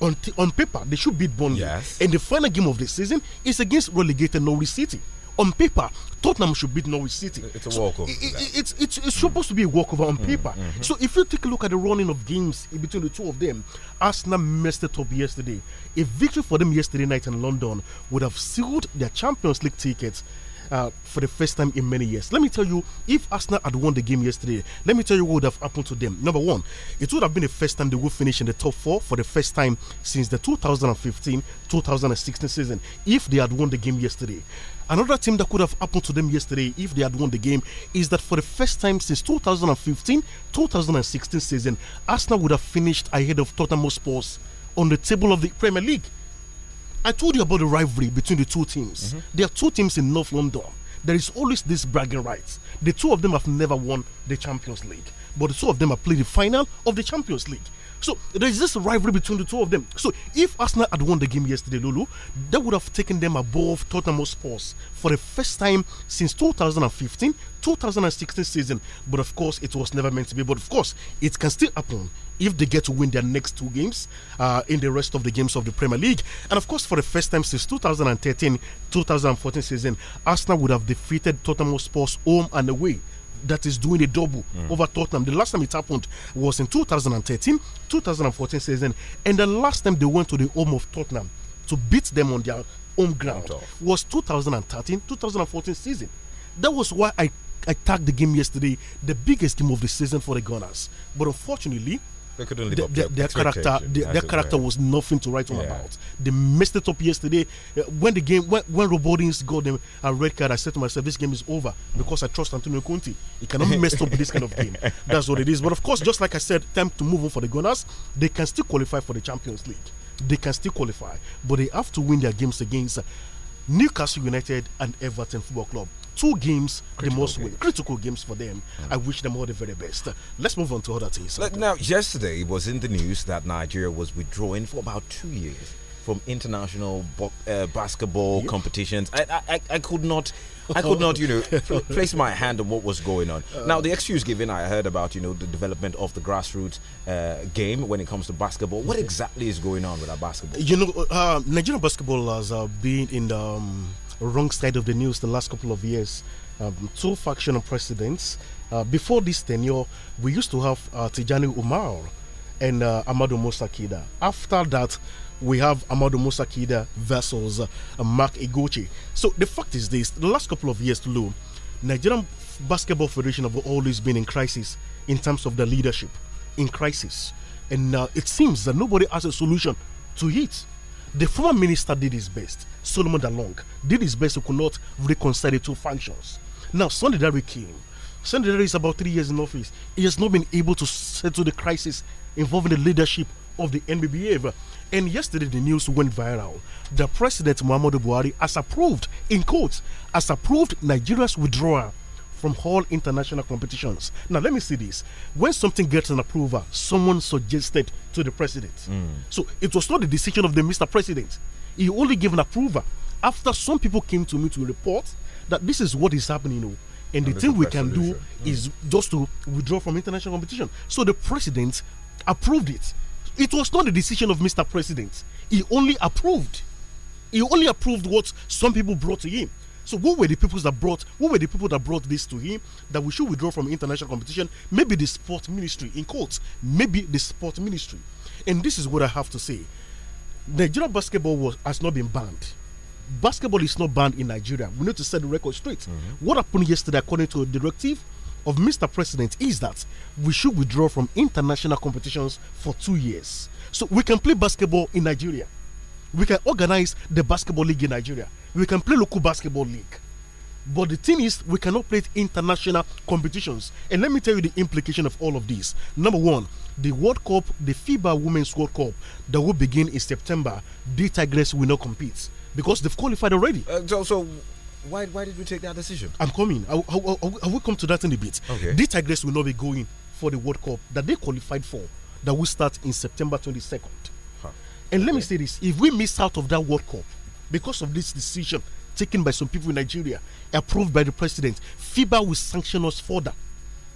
On, on paper, they should beat Burnley. Yes. And the final game of the season is against relegated Norwich City on paper, Tottenham should beat Norwich City. It's a so walkover. It, it, it's, it's, it's supposed to be a walkover on mm. paper. -hmm. So if you take a look at the running of games between the two of them, Arsenal messed it up yesterday. A victory for them yesterday night in London would have sealed their Champions League tickets uh, for the first time in many years. Let me tell you, if Arsenal had won the game yesterday, let me tell you what would have happened to them. Number one, it would have been the first time they would finish in the top four for the first time since the 2015 2016 season if they had won the game yesterday. Another team that could have happened to them yesterday if they had won the game is that for the first time since 2015 2016 season, Arsenal would have finished ahead of Tottenham Sports on the table of the Premier League. I told you about the rivalry between the two teams. Mm -hmm. There are two teams in North London. There is always this bragging rights. The two of them have never won the Champions League, but the two of them have played the final of the Champions League. So there's this rivalry between the two of them. So if Arsenal had won the game yesterday, Lulu, that would have taken them above Tottenham Spurs for the first time since 2015, 2016 season. But of course, it was never meant to be. But of course, it can still happen if they get to win their next two games uh, in the rest of the games of the Premier League. And of course, for the first time since 2013, 2014 season, Arsenal would have defeated Tottenham Spurs home and away that is doing a double mm. over Tottenham. The last time it happened was in 2013, 2014 season, and the last time they went to the home of Tottenham to beat them on their home ground was 2013, 2014 season. That was why I I tagged the game yesterday, the biggest game of the season for the Gunners. But unfortunately, they couldn't live the, up their, their character. Their, their character well. was nothing to write home yeah. about. They messed it up yesterday. Uh, when the game, when when Robodins got them a red card, I said to myself, this game is over because I trust Antonio Conte. He cannot mess up this kind of game. That's what it is. But of course, just like I said, time to move on for the Gunners. They can still qualify for the Champions League. They can still qualify, but they have to win their games against. Newcastle United and Everton Football Club two games critical most games. win. Critical games for them. Mm. I wish them all the very best. Let's move on to other things. Like now, yesterday it was in the news that Nigeria was withdrawing for about two years from international uh, basketball yep. competitions. I, I, I could not. I could not, you know, place my hand on what was going on. Uh, now, the excuse given, I heard about, you know, the development of the grassroots uh, game when it comes to basketball. What exactly is going on with our basketball? You know, uh, Nigerian basketball has been in the. Um wrong side of the news the last couple of years. Um, two factional presidents. Uh, before this tenure, we used to have uh, Tijani Umar and uh, Amadu Musakida. After that, we have Amadu Musakida versus uh, Mark Iguchi. So the fact is this: the last couple of years, Lou, Nigerian Basketball Federation have always been in crisis in terms of the leadership, in crisis, and uh, it seems that nobody has a solution to it. The former minister did his best. Solomon Dalong did his best. to could not reconcile the two functions. Now, Sunday Dare came. Sunday Dare is about three years in office. He has not been able to settle the crisis involving the leadership of the NBBA. And yesterday, the news went viral. The president, Muhammadu Buhari, has approved, in quotes, has approved Nigeria's withdrawal from all international competitions. Now, let me see this. When something gets an approval, someone suggested to the president. Mm. So it was not the decision of the Mr. President. He only gave an approval after some people came to me to report that this is what is happening. You know, and, and the thing we can do mm. is just to withdraw from international competition. So the president approved it. It was not the decision of Mr. President. He only approved. He only approved what some people brought to him. So who were the people that brought who were the people that brought this to him that we should withdraw from international competition? Maybe the sport ministry in quotes, maybe the sport ministry. And this is what I have to say. Nigeria basketball was has not been banned. Basketball is not banned in Nigeria. We need to set the record straight. Mm -hmm. What happened yesterday, according to a directive of Mr. President, is that we should withdraw from international competitions for two years. So we can play basketball in Nigeria we can organize the basketball league in Nigeria. We can play local basketball league. But the thing is, we cannot play international competitions. And let me tell you the implication of all of this. Number one, the World Cup, the FIBA Women's World Cup that will begin in September, the Tigers will not compete because they've qualified already. Uh, so, so why why did we take that decision? I'm coming. I, I, I, I will come to that in a bit. Okay. The Tigers will not be going for the World Cup that they qualified for that will start in September 22nd. And let me say this if we miss out of that World Cup because of this decision taken by some people in Nigeria, approved by the president, FIBA will sanction us further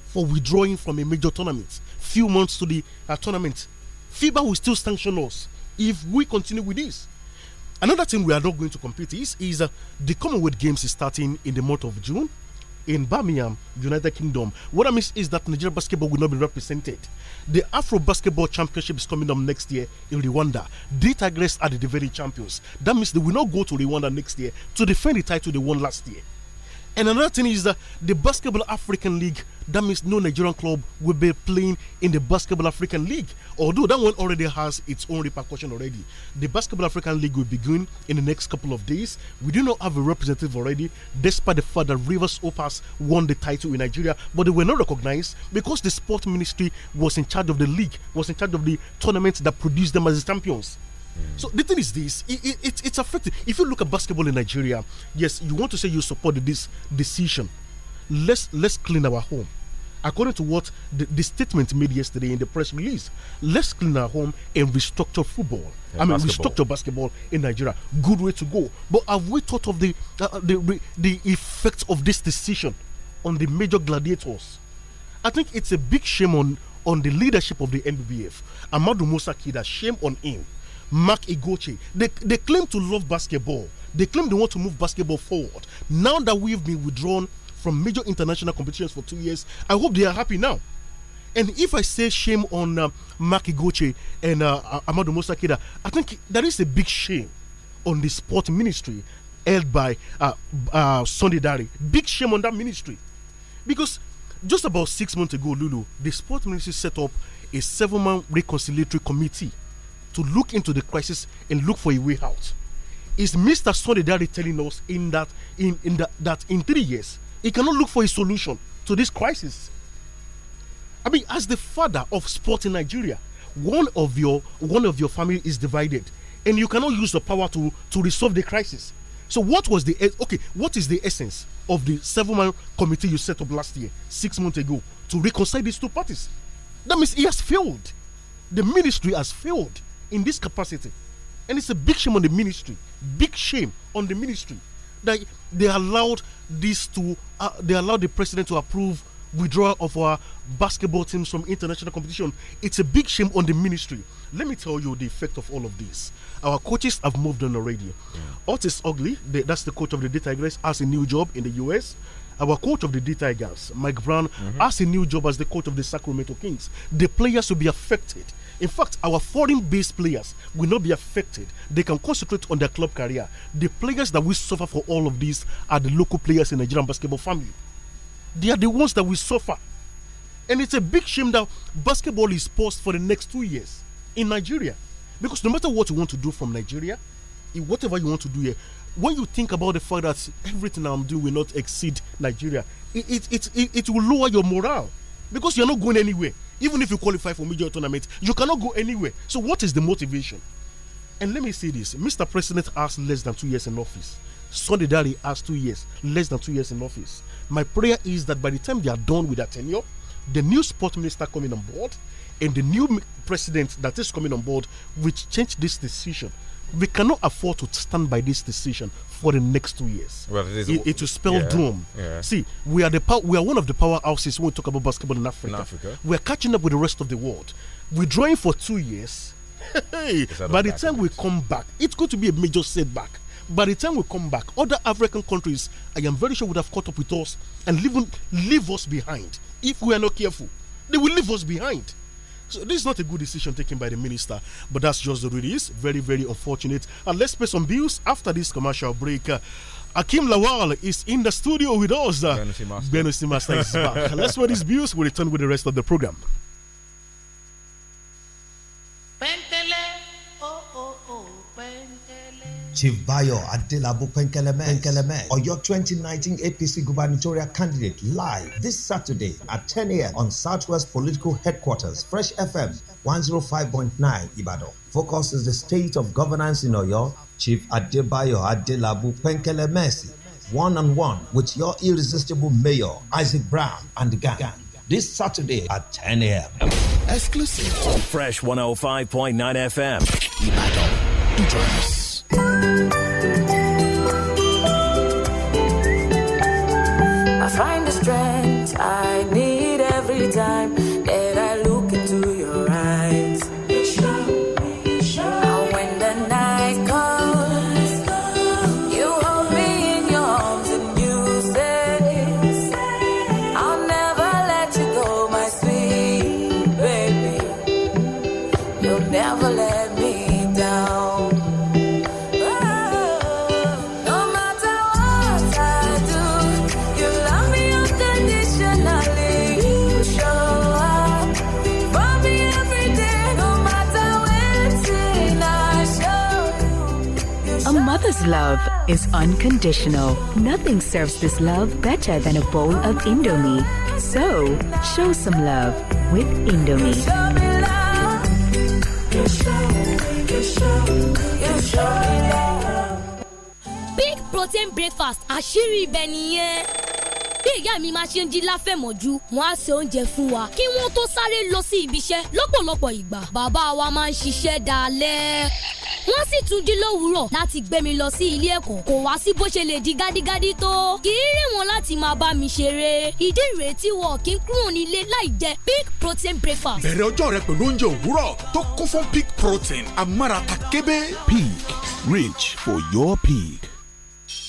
for withdrawing from a major tournament. Few months to the uh, tournament, FIBA will still sanction us if we continue with this. Another thing we are not going to compete is, is uh, the Commonwealth Games is starting in the month of June in Birmingham, United Kingdom. What I miss is that Nigeria basketball will not be represented. The Afro Basketball Championship is coming up next year in Rwanda. The Tigers are the defending champions. That means they will not go to Rwanda next year to defend the title they won last year. And another thing is that the Basketball African League, that means no Nigerian club will be playing in the Basketball African League. Although that one already has its own repercussion already. The Basketball African League will begin in the next couple of days. We do not have a representative already, despite the fact that Rivers Opas won the title in Nigeria, but they were not recognized because the sport ministry was in charge of the league, was in charge of the tournament that produced them as the champions. So the thing is this: it, it, it's affecting. If you look at basketball in Nigeria, yes, you want to say you support this decision. Let's let's clean our home. According to what the, the statement made yesterday in the press release, let's clean our home and restructure football. I mean, restructure basketball in Nigeria. Good way to go. But have we thought of the uh, uh the the effect of this decision on the major gladiators? I think it's a big shame on on the leadership of the NBBF. Amadou Musa Kida, shame on him Mark Igoche. They, they claim to love basketball. They claim they want to move basketball forward. Now that we've been withdrawn from major international competitions for two years, I hope they are happy now. And if I say shame on uh, Mark Igoche and uh, Amadou Mosakida, I think there is a big shame on the sport ministry held by uh, uh, Sunday Dari. Big shame on that ministry. Because just about six months ago, Lulu, the sport ministry set up a seven man reconciliatory committee to look into the crisis and look for a way out. Is Mr. Solidarity telling us in that in, in that, that in three years he cannot look for a solution to this crisis? I mean, as the father of sport in Nigeria, one of your one of your family is divided, and you cannot use the power to to resolve the crisis. So, what was the okay? What is the essence of the seven-man committee you set up last year, six months ago, to reconcile these two parties? That means he has failed. The ministry has failed in this capacity. And it's a big shame on the ministry. Big shame on the ministry that they allowed this to, uh, they allowed the president to approve withdrawal of our basketball teams from international competition. It's a big shame on the ministry. Let me tell you the effect of all of this. Our coaches have moved on already. Yeah. Otis Ugly, the, that's the coach of the D Tigers, has a new job in the US our coach of the D Tigers, Mike Brown, mm -hmm. has a new job as the coach of the Sacramento Kings. The players will be affected. In fact, our foreign based players will not be affected. They can concentrate on their club career. The players that will suffer for all of this are the local players in the Nigerian basketball family. They are the ones that will suffer. And it's a big shame that basketball is paused for the next two years in Nigeria. Because no matter what you want to do from Nigeria, whatever you want to do here, when you think about the fact that everything I'm doing will not exceed Nigeria, it, it, it, it, will lower your morale because you're not going anywhere. Even if you qualify for major tournament, you cannot go anywhere. So, what is the motivation? And let me say this Mr. President has less than two years in office. Solidarity has two years, less than two years in office. My prayer is that by the time they are done with their tenure, the new sports minister coming on board and the new president that is coming on board will change this decision we cannot afford to stand by this decision for the next two years. Well, it, will spell yeah, doom. Yeah. See, we are the we are one of the powerhouses when we talk about basketball in Africa. In Africa. We are catching up with the rest of the world. We're drawing for two years. by the time we come back, it's going to be a major setback. By the time we come back, other African countries, I am very sure, would have caught up with us and leave, leave us behind if we are not careful. They will leave us behind. So this is not a good decision taken by the minister, but that's just the way it is. Very, very unfortunate. And let's pay some bills after this commercial break. Uh, Akim Lawal is in the studio with us. Uh, Benusi Master is back. Let's pay these bills. We'll return with the rest of the program. Thank Chief Bayo Adelabu Penkelemes, or your 2019 APC gubernatorial candidate live this Saturday at 10 a.m. on Southwest Political Headquarters, Fresh FM 105.9 Ibadan. Focus is the state of governance in Oyo. Chief Adebayo Adelabu Penkelemes, one on one with your irresistible mayor, Isaac Brown, and the gang this Saturday at 10 a.m. Exclusive. Fresh 105.9 FM. Ibadan. love is unconditional. Nothing serves this love better than a bowl of Indomie. So, show some love with Indomie. Big protein breakfast àṣírí ibẹ̀ nìyẹn. bí ìyá mi máa ṣe ń jí moju, wọ́n á ṣe oúnjẹ fún wa kí wọ́n tó sáré lọ sí ibiṣẹ́ lọ́pọ̀lọpọ̀ ìgbà bàbá wa máa ń ṣiṣẹ́ dalẹ́ wọ́n sì tún jí lówùúrọ̀ láti gbé mi lọ sí ilé ẹ̀kọ́ kò wá sí bó ṣe lè di gádígádí tó kì í rìn wọn láti máa bá mi ṣeré ìdí ìrètí wọ kí n kúrò nílé láì jẹ big protein breakfast. bẹ̀rẹ̀ ọjọ́ rẹ pẹ̀lú oúnjẹ òwúrọ̀ tó kún fún big protein amárata kébé. pig. reach for your pig.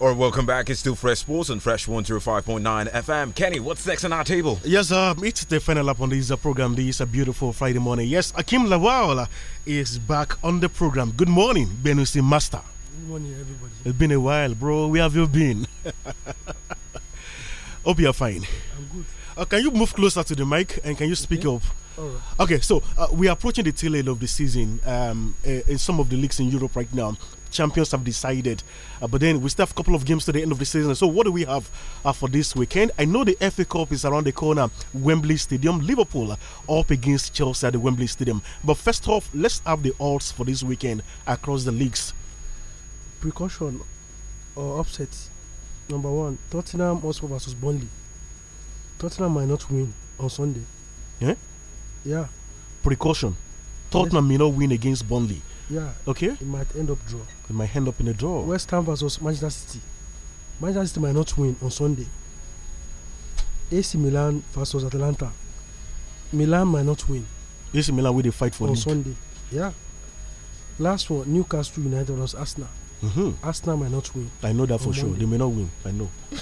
All right, welcome back. It's still Fresh Sports and Fresh 105.9 FM. Kenny, what's next on our table? Yes, uh, it's the final up on this uh, program. This is uh, a beautiful Friday morning. Yes, Akim Lawal uh, is back on the program. Good morning, Benusi Master. Good morning, everybody. It's been a while, bro. Where have you been? Hope you're fine. I'm good. Uh, can you move closer to the mic and can you speak okay. up? Okay, so uh, we are approaching the tail end of the season um, uh, in some of the leagues in Europe right now champions have decided. Uh, but then we still have a couple of games to the end of the season. So what do we have uh, for this weekend? I know the FA Cup is around the corner. Wembley Stadium, Liverpool uh, up against Chelsea at the Wembley Stadium. But first off, let's have the odds for this weekend across the leagues. Precaution or upset. Number one, Tottenham also versus Burnley. Tottenham might not win on Sunday. Yeah. Yeah. Precaution. Tottenham yes. may not win against Burnley. Yeah. Okay. It might end up draw. It might end up in a draw. West Ham versus Manchester City. Manchester City might not win on Sunday. AC Milan versus Atlanta. Milan might not win. AC Milan will they fight for on league. Sunday. Yeah. Last one, Newcastle United versus Arsenal. Mm -hmm. Arsenal might not win. I know that for sure. They may not win. I know.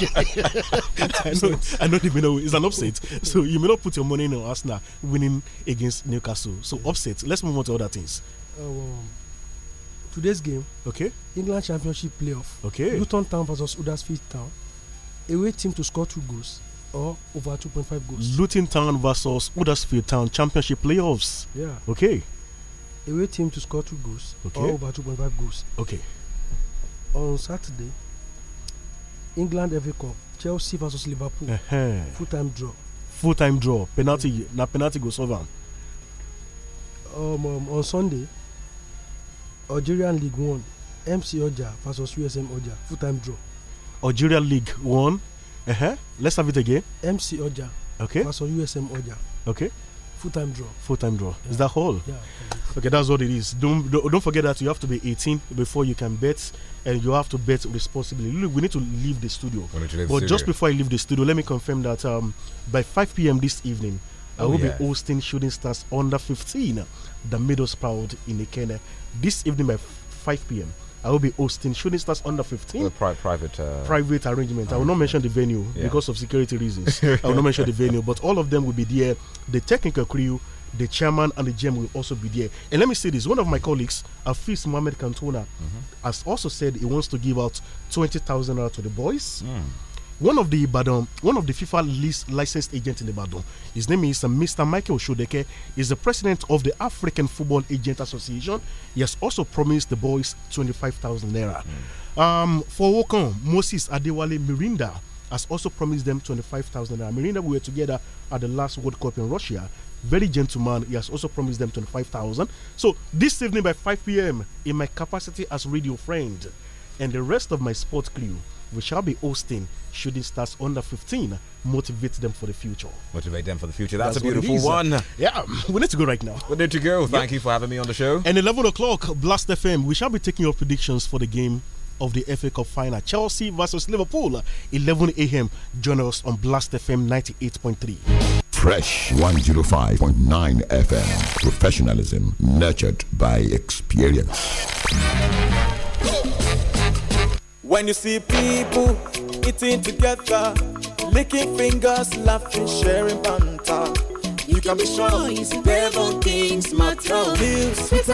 I know. I know they may not win. It's an upset. so you may not put your money in on Arsenal winning against Newcastle. So yeah. upset. Let's move on to other things. Um, today's game. Okay. England Championship playoff. Okay. Luton Town versus Huddersfield Town. Away team to score two goals or over 2.5 goals. Luton Town versus Huddersfield Town Championship playoffs. Yeah. Okay. away team to score two goals okay. or over two point five goals. Okay. On Saturday, England FA Cup, Chelsea versus Liverpool, uh -huh. full time draw. Full time draw, penalty, yeah. na penalty goes over. Um, um, on Sunday, Algerian League One, MC Oja versus USM Oja, full time draw. Algerian League One, uh -huh. let's have it again. MC Oja okay. versus USM Oja. Okay. Full time draw. Full time draw. Yeah. Is that all? Yeah. Okay, that's what it is. Don't don't forget that you have to be 18 before you can bet, and you have to bet responsibly. Look, we need to leave the studio. but just before I leave the studio, let me confirm that um, by 5 p.m. this evening, oh, I will yeah. be hosting Shooting Stars Under 15, the middle proud in Ikene. This evening by 5 p.m. I will be hosting shooting stars under 15. The pri private uh, private arrangement. I will not mention the venue yeah. because of security reasons. I will not mention the venue, but all of them will be there. The technical crew, the chairman, and the gym will also be there. And let me say this: one of my colleagues, Afis Mohamed Cantona, mm -hmm. has also said he wants to give out twenty thousand to the boys. Mm one of the Ibadan, one of the FIFA list licensed agents in Ibadan. His name is uh, Mr. Michael Shodeke. Is the president of the African Football Agent Association. He has also promised the boys 25,000 naira. Mm. Um, for Wokan, Moses Adewale Mirinda has also promised them 25,000 naira. Mirinda, we were together at the last World Cup in Russia. Very gentleman, he has also promised them 25,000. So this evening by 5 p.m., in my capacity as radio friend and the rest of my sport crew, we shall be hosting Shooting Stars under 15. Motivate them for the future. Motivate them for the future. That's, That's a beautiful one. Yeah, we need to go right now. We need to go. Thank yep. you for having me on the show. And 11 o'clock, Blast FM, we shall be taking your predictions for the game of the FA Cup final. Chelsea versus Liverpool, 11 a.m. Join us on Blast FM 98.3. Fresh 105.9 FM. Professionalism nurtured by experience. When you see people eating together, licking fingers, laughing, sharing banter, you can be sure it's devil things matter.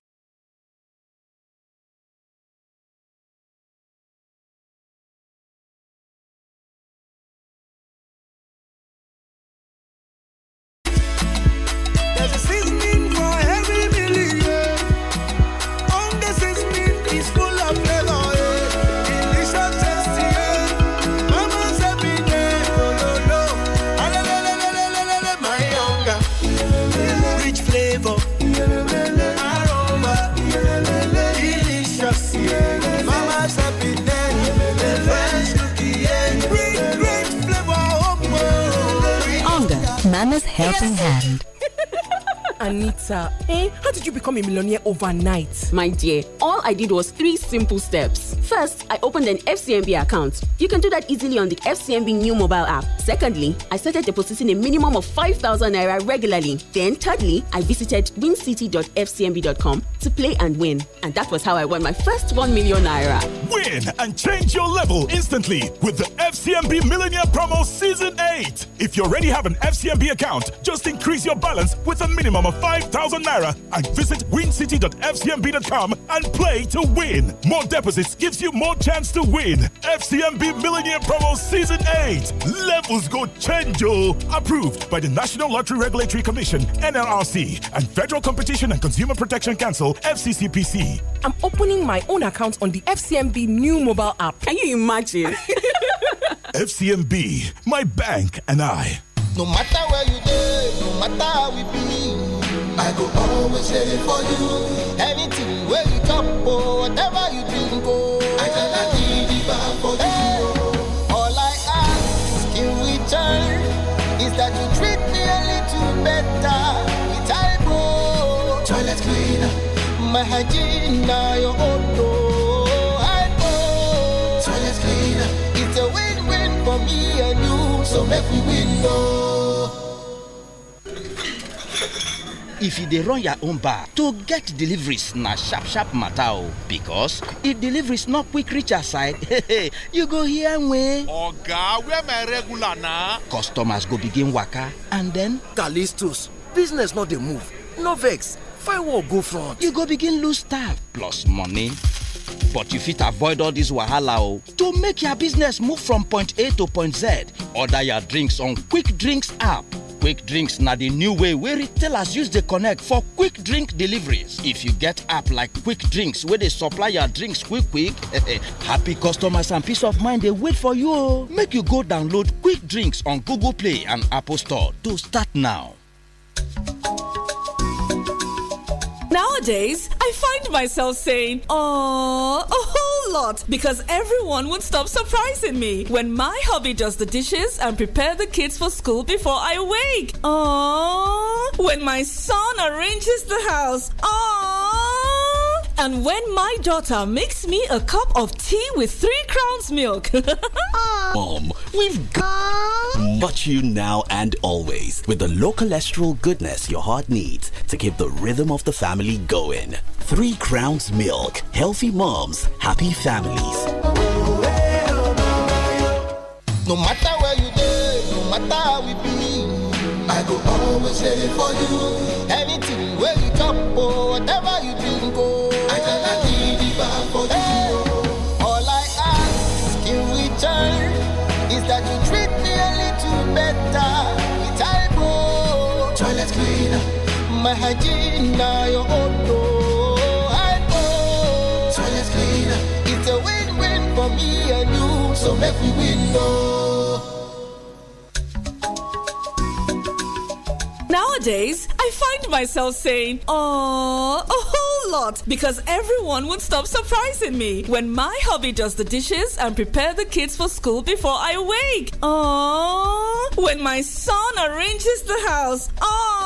up become a millionaire overnight. My dear, all I did was three simple steps. First, I opened an FCMB account. You can do that easily on the FCMB new mobile app. Secondly, I started depositing a minimum of 5,000 naira regularly. Then, thirdly, I visited wincity.fcmb.com to play and win. And that was how I won my first 1 million naira. Win and change your level instantly with the FCMB Millionaire Promo Season 8. If you already have an FCMB account, just increase your balance with a minimum of 5,000 naira and visit wincity.fcmb.com and play to win. More deposits gives you more chance to win. FCMB Millennium Promo Season 8. Levels go change. Approved by the National Lottery Regulatory Commission, NLRC, and Federal Competition and Consumer Protection Council, FCCPC. I'm opening my own account on the FCMB new mobile app. Can you imagine? FCMB, my bank and I. No matter where you live, no matter how we be. I go always ready for you. Anything where you chop or whatever you drink, oh. I cannot give it back for hey. you. All I ask in return is that you treat me a little better. It's time, oh. Toilet cleaner. My hygiene now your own, oh. I Toilet cleaner. It's a win-win for me and you, so make we win, oh. if you dey run your own bar to get deliveries na sharp sharp matter o because if deliveries no quick reach your side you go hear wey. oga where my regular na. customers go begin waka and then. callistus business no dey move no vex firewall go front. you go begin lose staff plus money. But you fit avoid all this wahala o. To make your business move from point A to point Z, order your drinks on Quick Drinks app quick drinks na the new way wey retailers use dey connect for quick drink deliveries if you get app like quick drinks wey dey supply your drinks quick quick happy customers and peace of mind dey wait for you o make you go download quick drinks on google play and apple store to start now Nowadays, I find myself saying, "Aw, a whole lot," because everyone would stop surprising me when my hubby does the dishes and prepare the kids for school before I wake. Aw, when my son arranges the house. Aw and when my daughter makes me a cup of tea with three crowns milk. Mom, we've got much you now and always with the low cholesterol goodness your heart needs to keep the rhythm of the family going. Three crowns milk. Healthy moms, happy families. No matter where you go, no matter how we be, I go always ready for you. Anything where you come, or oh, whatever. mahajina I It's a win-win for me and you So make win oh. Nowadays, I find myself saying, "Oh, a whole lot," because everyone would stop surprising me when my hubby does the dishes and prepare the kids for school before I wake. Oh, when my son arranges the house. Oh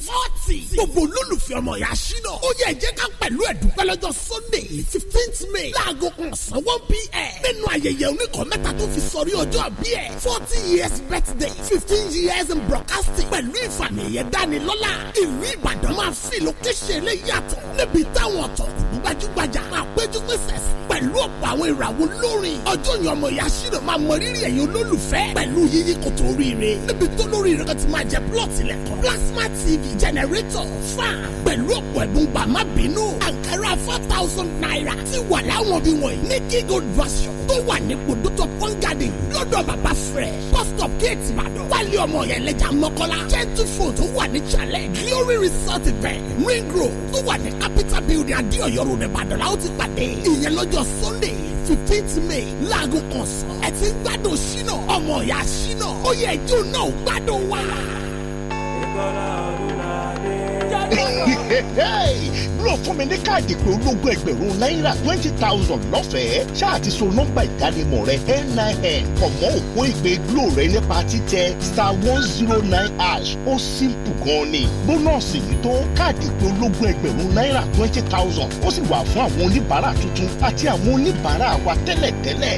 forty. gbogbo olólùfẹ́ ọmọ ìyá ṣínà ó yẹ ìjẹ́ ká pẹ̀lú ẹ̀dùnkẹ́ lọ́jọ́ sunday fifteenth may láago kan ọ̀sán one pm nínú ayẹyẹ oníkan mẹ́ta tó fi sọrí ọjọ́ àbí ẹ̀ forty years birthday fifteen years in broadcasting pẹ̀lú ìfàmì ẹ̀yẹ dánilọ́lá ìlú ìbàdàn máa fi lókèṣe eléyìí àtọ̀ níbi táwọn ọ̀tọ̀ kùdú gbajúgbajà máa péjú pèsè pẹ̀lú ọ̀pọ̀ àwọn ìràwọ̀ lórin ọjọ́ yẹn ọmọ ìyá ṣínà máa mọ rírì ẹ̀yin olólùfẹ́ pẹ̀lú yíyí kòtò oríire níbi tó lórí rẹ̀ ti máa jẹ plọ̀tì lẹ́kọ̀ọ́ plasma tv jẹnẹrétọ̀ fan pẹ̀lú ọ̀pọ̀ ẹ̀bùn gbàmábínú àǹkárá four thousand naira ti wà láwọn ibi wọ̀nyí ní kí gold version tó wà ní kòdótọ̀ pond garden lọ́dọ̀ bàbá fresh bus stop gate ìbàdàn wálé ọmọ yẹn lẹ́jà mọ́kọ́lá gentle food tó wà ní challenge glory resort event ring road tó wà ní capital building adéọ̀yọ́ road ìbàdàn làwọn ti pàdé ìyẹn lọ́jọ́ sunday fifteenth may láago ọ̀sán ẹ̀ ti ń gbádùn ṣínà ọmọ ìyá ṣínà ó yẹ ìjọ náà gbádùn wa. ìkọlá ọ̀rọ̀ lọ fún mi ní káàdì pé ológun ẹgbẹ̀rún náírà twenty thousand lọ́fẹ̀ẹ́ ṣáà ti so nọ́mbà ìdánimọ̀ rẹ nin kọ̀mọ́ òpó ìpè glo rẹ nípa títẹ star one zero nine hash ó simple gan ni bónọ́ọ̀sì yìí tó káàdì pé ológun ẹgbẹ̀rún náírà twenty thousand ó sì wà fún àwọn oníbàárà tuntun àti àwọn oníbàárà wa tẹ́lẹ̀tẹ́lẹ̀.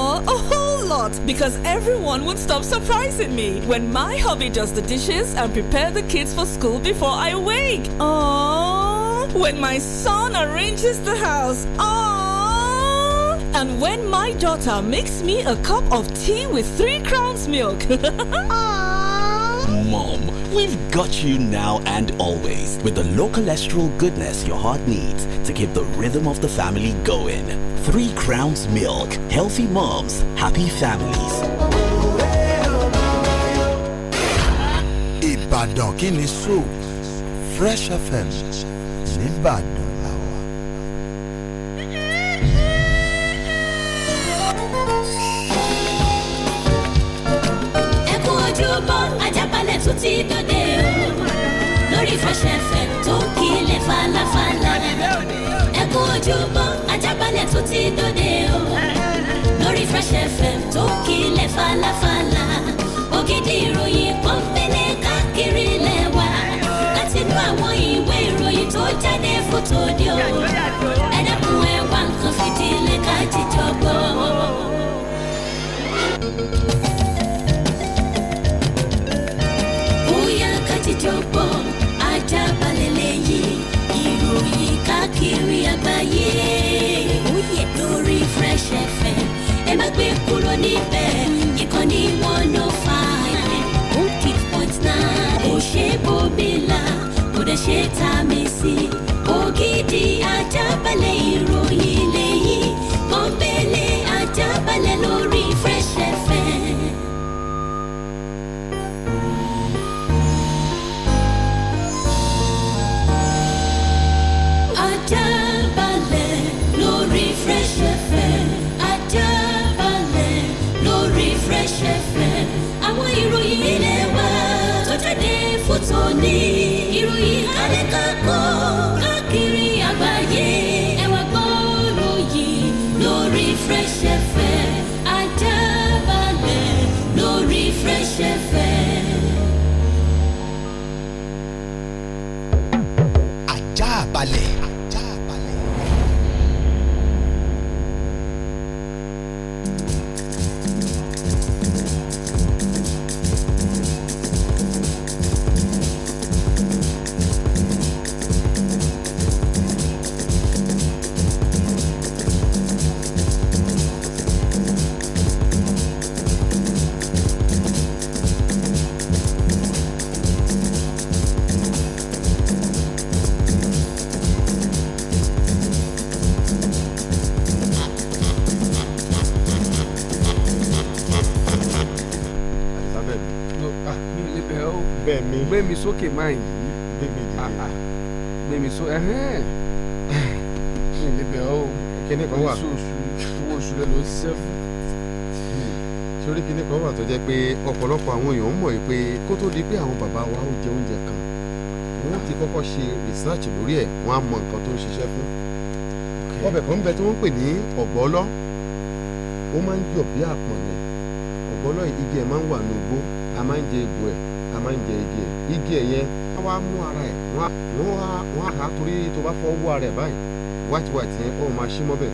because everyone would stop surprising me when my hubby does the dishes and prepare the kids for school before I wake. Aww. When my son arranges the house. Aww. And when my daughter makes me a cup of tea with three crowns milk. Ah. We've got you now and always with the low cholesterol goodness your heart needs to keep the rhythm of the family going. Three Crowns Milk. Healthy moms, happy families. Fresh FM Ẹ kú ojúbọ ajá. tún ti lórí Fresh FM tó kílẹ̀ falafala ẹ kú ojúmọ́ Ajaabale tún ti dòde o lórí Fresh FM tó kílẹ̀ falafala ògidì ìròyìn kan fẹlẹ káàkiri lẹwa láti inú àwọn ìwé ìròyìn tó jáde fótó di o ẹ ẹwà nǹkan fìdílé ká jíjọ gbọ́. gbé kúrò níbẹ̀ ìkànnì one oh five point eight point nine kò ṣe bómi kò dẹ̀ ṣe tá sí ògidì ajábalẹ̀ ìròyìn. òní ìròyìn kálẹ̀ kákọ́. mi sókè máa yìí. gbẹmí dìde. Ah, ah. gbẹmí so ẹhẹn. mi ò lè bẹ̀ ọ́ o. kíní kan wà. owó oṣù rẹ ló ń ṣiṣẹ́ fún. sórí kíní kan wà tó jẹ́ pé ọ̀pọ̀lọpọ̀ àwọn èèyàn ń mọ̀ pé kó tó di pé àwọn bàbá wa ó jẹ oúnjẹ kan wọ́n ti kọ́kọ́ ṣe research lórí ẹ̀ wọ́n á mọ nǹkan tó ń ṣiṣẹ́ fún. ọbẹ̀ kan ń bẹ tí wọ́n ń pè ní ọ̀gbọ́lọ́ ó máa ń yọ̀ bí àpọ̀nlẹ̀ ọ̀gbọ́lọ́ igi ẹ̀ máa ń wà ní ogbó a máa ń jẹ egbò ẹ̀ mangege igi ẹ̀yẹn wọ́n wa mu ara e wọ́n á ha torí to bá fọ ọwọ́ ara ya ya wátiwáti yẹn ó ma shi mọ́bẹ̀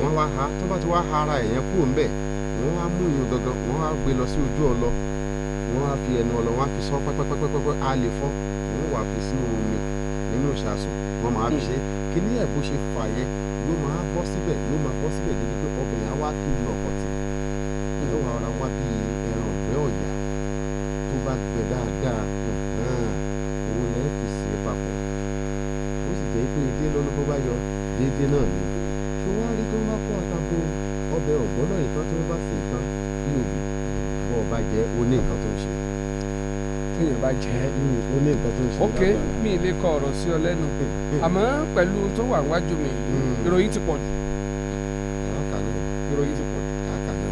wọ́n wá ha tó bá ti ha ara ẹ̀ yẹn kúrò ńbẹ̀ wọ́n wá mú ìyún gangan wọ́n wá gbé lọ sí ojú ọlọ wọ́n wá fi ẹnu ọlọ fi sọ pẹ́pẹ́pẹ́pẹ́ á lè fi si omi nínú ìṣàsùn wọ́n ma fi se bá gbẹ dáadáa owó lẹ́yìn fi sí i papọ̀ ó sì jẹ́ pé ilé lọ́nà bó bá yọ déédéé náà ni tó wá rí tó ń bá kó àtàbò ọbẹ̀ ọ̀gbọ́n náà ìtàn tó ń bá sè tán ní òbí bọ́ ọ bá jẹ́ ó ní nǹkan tó ń ṣe téèyàn bá jẹ́ ó ní nǹkan tó ń ṣe. ok mi ì lè kọ ọ̀rọ̀ sí ọ lẹ́nu àmọ́ pẹ̀lú tó wà wájú mi ìròyìn ti pọ̀ jù ìròyìn ti pọ̀ jù.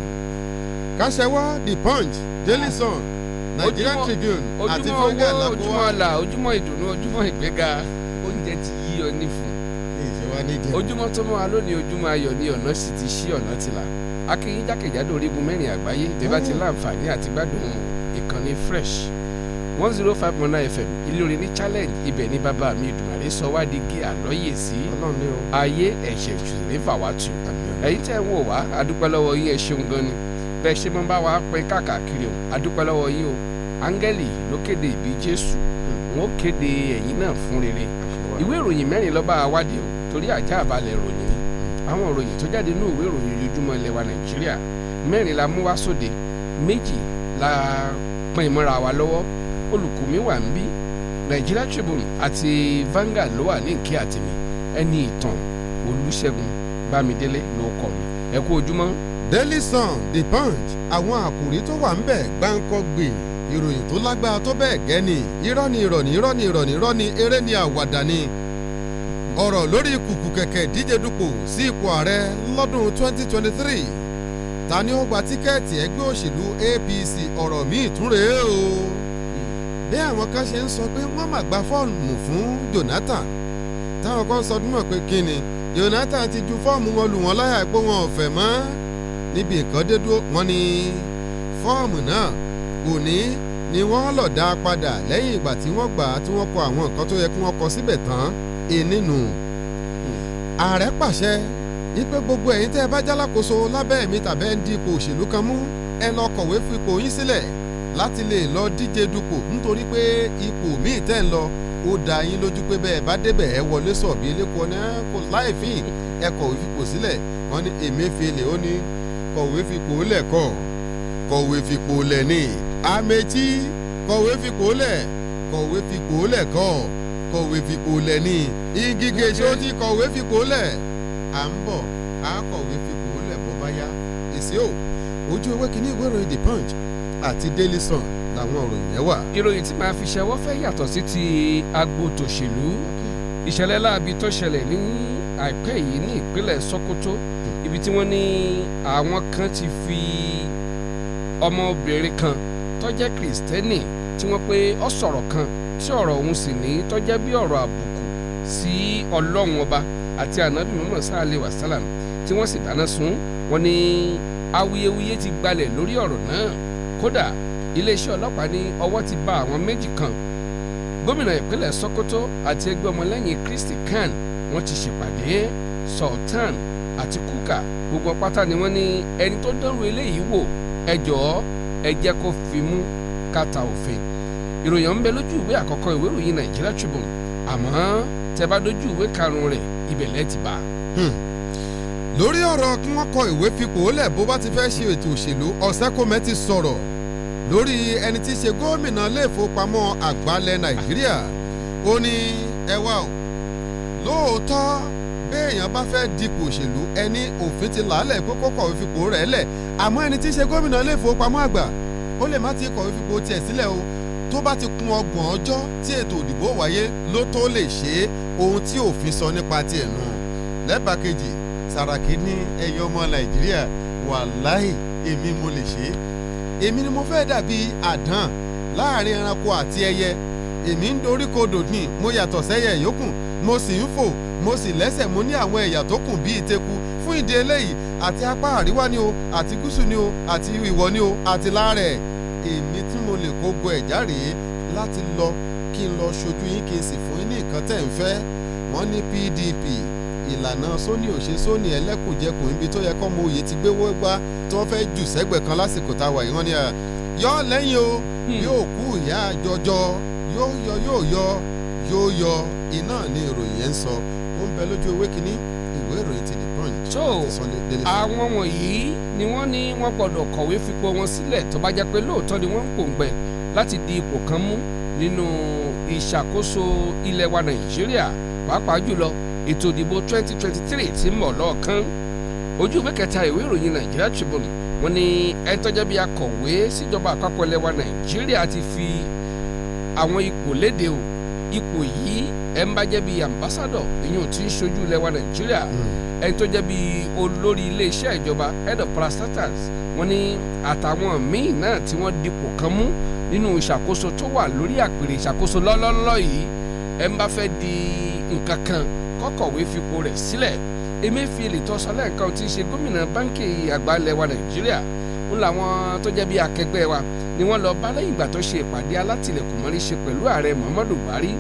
kásẹ̀wá the punch daily sun Nigerian Tribune àti fúnkẹ́ lọ́kọ́ wa. ojúmọ́ ọlà ojúmọ́ ìdùnnú ojúmọ́ ìgbéga oúnjẹ ti yí ọ ní fún. ojúmọ́ tó mọ́ wa lónìí ojúmọ́ ayọ̀ ni ọ̀nà sì ti ṣí ọ̀nà ti là jákèjádò orígun mẹ́rin àgbáyé tẹ́ ti láǹfààní àti gbádùn ìkànnì fresh one zero five point nine fm ìlórin ní challenge ibẹ̀ ní bàbá mi ìdùnnàlẹ́ sọ wá di gé àlọ́yè sí ayé ẹ̀ṣẹ̀ jù ní fàwátù ẹ̀yin tẹ́ ń wò wá adúpẹ́ lọ́wọ́ yín ẹ ṣeun gan ni bẹ́ẹ̀ ṣe máa bá wa pín káàkiri o adúpẹ́ lọ́wọ́ yín o áńgẹ́lì ló kéde ìbí jésù wọn ó kéde ẹ̀yìn náà fún rere ìwé ìròyìn mẹ́rin lọ́ba àwádìí o torí àjá àbálẹ̀ ìròyìn ni àwọn ìròyìn tó jáde ní ìwé ìròyìn ojoojúmọ́ ilẹ̀ wa nàìjíríà mẹ́rin la mú wá sóde méjì la pín ìmọ̀ra wa lọ́wọ́ olùkùnmí wà ń bí Nigeria Tribune àti Vanguard ló wà ní ìkí àtìmí ẹni ìtàn Olúṣẹ́gun Bámidélé ló kọ mi ẹ kú ojúmọ́. Daily Sun The Punch àwọn àkòrí tó wà ń bẹ̀ gbáǹkọ́ gbè ìròyìn tó lágbára tó bẹ́ẹ̀ gẹ́ ni irọ́ ni irọ́ ni irọ́ ni irọ́ ni irọ́ ni eré ni àwàdà ni ọ̀rọ̀ lórí kùkù kẹ̀kẹ́ díje dupò sí ipò ààrẹ lọ́dún 2023 ta ni ó gba tíkẹ́ẹ̀tì ẹgbẹ́ òṣèlú APC ọ̀rọ̀ míì tún rèé o bí àwọn kan ṣe ń sọ pé wọ́n máa gba fọ́ọ̀mù fún Jonathan táwọn kan sọdún mọ̀ pé kí ni Jonathan ti ju fọ́ọ̀mù wọn lù wọ́n láyà pé wọn ò fẹ́ mọ́ níbi nǹkan dé dúró ni ní fọ́ọ̀mù náà òní ni wọ́n lọ dá a padà lẹ́yìn ìgbà tí wọ́n gbà á tí wọ́n kọ àwọn nǹkan tó yẹ kí wọ́n kọ síbẹ̀ tán ẹnìnú. ààrẹ pàṣẹ wípé gbogbo ẹ̀yin tẹ́ ẹ bá jálákòóso lábẹ́ mi tàbẹ́ ń di ipò òṣèlú kan mú ẹ lọ kọ̀wé fún ipò yín sílẹ̀ láti lè lọ díje dupò nítorí pé ipò míì tẹ́ ń lọ ó dá yín lójú pé bẹ́ẹ̀ bá débẹ̀ ẹ wọlé sọ̀bí eléko ní kò láìfín ẹ kọ̀wé fipò sílẹ̀ wọ́n ní Emefiele ó ní kọ̀wé fipò lẹ̀kọ̀ kọ̀wé fipò ni, amẹ́tí kọ̀wé fipò lẹ̀ kọ̀wé fipò lẹ̀kọ̀ kọ̀wé fipò lẹ̀ni igi gèsè ó ti kọ̀wé fipò lẹ̀ à ń bọ̀ á kọ̀wé fipò lẹ̀ bọ́ bá yá èsì ò ojú ewé kínní ìwé ìròyìn the punch àti daily sun làwọn ìròyìn yẹn wà. ìròyìn tí màá fi ṣẹwọ́ fẹ́ yàtọ̀ sí ti agbo tòṣèlú ìṣẹ̀lẹ̀ láabi tó ṣẹlẹ̀ ní àìpẹ́ yìí ní ìpínlẹ̀ Sokoto ibi tí wọ́n ní àwọn kan ti fi ọmọbìnrin kan tó jẹ́ kìrìsìtẹ́nì tí wọ́n pé ó sọ̀rọ̀ kan tí ọ̀rọ̀ òun sì ní tó jẹ́ bí ọ̀rọ̀ àbùkù sí ọlọ́run ọba àti ànábì mọ́mọ́ sáàlẹ̀ wàsálàm tí wọ́n sì dáná sun wọ́n ní awuyewuye ti gbalẹ̀ lórí ọ̀rọ̀ náà kódà iléeṣẹ́ ọlọ́pàá ní ọwọ́ ti bá àwọn méjì kan gómìnà ìpínlẹ̀ Sokoto àti ẹgbẹ́ ọmọlẹ́yìn Kristi kan wọ́n ti ṣèpàdé Sultan àti kúkà gbogbo pátá ni wọ́n ní ẹni tó dánwò eléyìí wò ẹ jọ̀ọ́ ẹ jẹ́ kó fi mú kàtà òfin ìròyìn ọ̀hún bẹ lójú ìwé àkọ́kọ́ ìwé ìròyìn Nigeria Tribune àmọ́ tẹ bá dójú ìwé karùn-ún rẹ̀ ibẹ̀ lẹ́ ti bá. Hmm. lórí ọ̀rọ̀ kí wọ́n kọ ìwé fipò lẹ̀ bó bá ti fẹ́ ṣe ètò òṣèlú Ọ̀sẹ́kọ̀mẹ́ ti sọ̀rọ̀ lórí ẹni tí í ṣe gómìnà iléèfowópamọ́ àgbà Nàìjíríà ó ní ẹwà o lóòótọ́ béèyàn bá fẹ́ dipò òṣèlú ẹni òfin ti làálẹ̀ pé kó kọ̀wé fipò rẹ̀ lẹ̀ àmọ́ ẹni tí í ṣe gómìnà ilé ìfowópamọ́ àgbà ó lè má ti kọ̀wé fipò tiẹ̀ sílẹ̀ o tó bá ti kún ọgbọ̀n ọjọ́ tí ètò òdìbò wáyé ló tó lè ṣe é ohun tí òfin sọ nípa tiẹ̀ nù lẹ́bàá kejì Sàràkí ní ẹ̀yin ọmọ Nàìjíríà wàláì èmi mo lè ṣe é èmi ni mo fẹ́ dàbí àdán láàrin ẹranko àti ẹyẹ èmi ń doríkodò ní mo yàtọ̀ sẹ́yẹ yòókù mo sì ń fò mo sì lẹ́sẹ̀ mo ní àwọn ẹ̀yà tó kùn bíi teku fún ìdí eléyìí àti apá àríwá ni o àti gúúsù ni o àti ìwọ̀ ni o àti láàrẹ̀ èmi tí mo lè kó go ẹ̀já rèé láti lọ kí n lọ ṣojú yín kí n sì fún yín ní nǹkan tẹ̀ ń fẹ́ wọ́n ní PDP ìlànà sóní òṣè sóní ẹlẹ́kùnjẹkùn ibi tó yẹ kọ́ mọ òye ti gbé wọ́gbá tí wọ́n fẹ́ jù sẹ́gbẹ̀ẹ́ kan lásìkò tá a wà yìí wọ́n ní yọ lẹ́yìn o hmm. yóò kú ìyá àjọjọ yóò yọ yóò yọ yóò yọ iná ní ìròyìn yẹn ń sọ ó ń bẹ lójú ewé kínní ìwé ìròyìn ti the punch. tó àwọn wọ̀nyí ni wọ́n ní wọ́n gbọ́dọ̀ kọ̀wé fipò wọn sílẹ̀ tó bá jẹ́ pé lóòótọ́ ni wọ́n ń pòǹgbẹ láti di ipò kan mú nínú ìṣàkóso ilẹ̀ wa nàìjíríà pàápàá jùlọ ètò ìdìbò 2023 tí ń bọ̀ lọ́ọ̀kan ojú ìwé kẹta ìwé ìròyìn Nigeria Tribune wọ́n ní ẹtọ́jẹ́ bíi akọ̀wé síjọba àpapọ̀ ilẹ̀ wa nàìjíríà ti fi àwọn ipò léde o ipò yìí ẹ̀ ń bá jẹ́ bíi ambassador ìyẹn tí ń ṣojú lẹ́wà nàìjíríà hmm. ẹ̀ tó jẹ́ bíi olórí iléeṣẹ́ ìjọba head of parastatals wọ́n ní àtàwọn míì náà tí wọ́n dipò kan mú nínú ìṣàkóso tó wà lórí àpèrè ìṣàkóso lọ́lọ́lọ́ yìí ẹ̀ ń bá fẹ́ di nǹkan kan kọ́kọ̀wé fipò rẹ̀ sílẹ̀ emefiele tó sọ lẹ́ẹ̀kan tí í ṣe gómìnà báńkì àgbà lẹ́wà nàìjíríà ń làwọn tó jẹ́ bíi akẹgbẹ́ wa ni wọ́n lọ bá lẹ́yìn ìgbà tó ṣe ìpàdé alátìlẹ̀kùnmọ́rí ṣe pẹ̀lú ààrẹ Muhammadu Buhari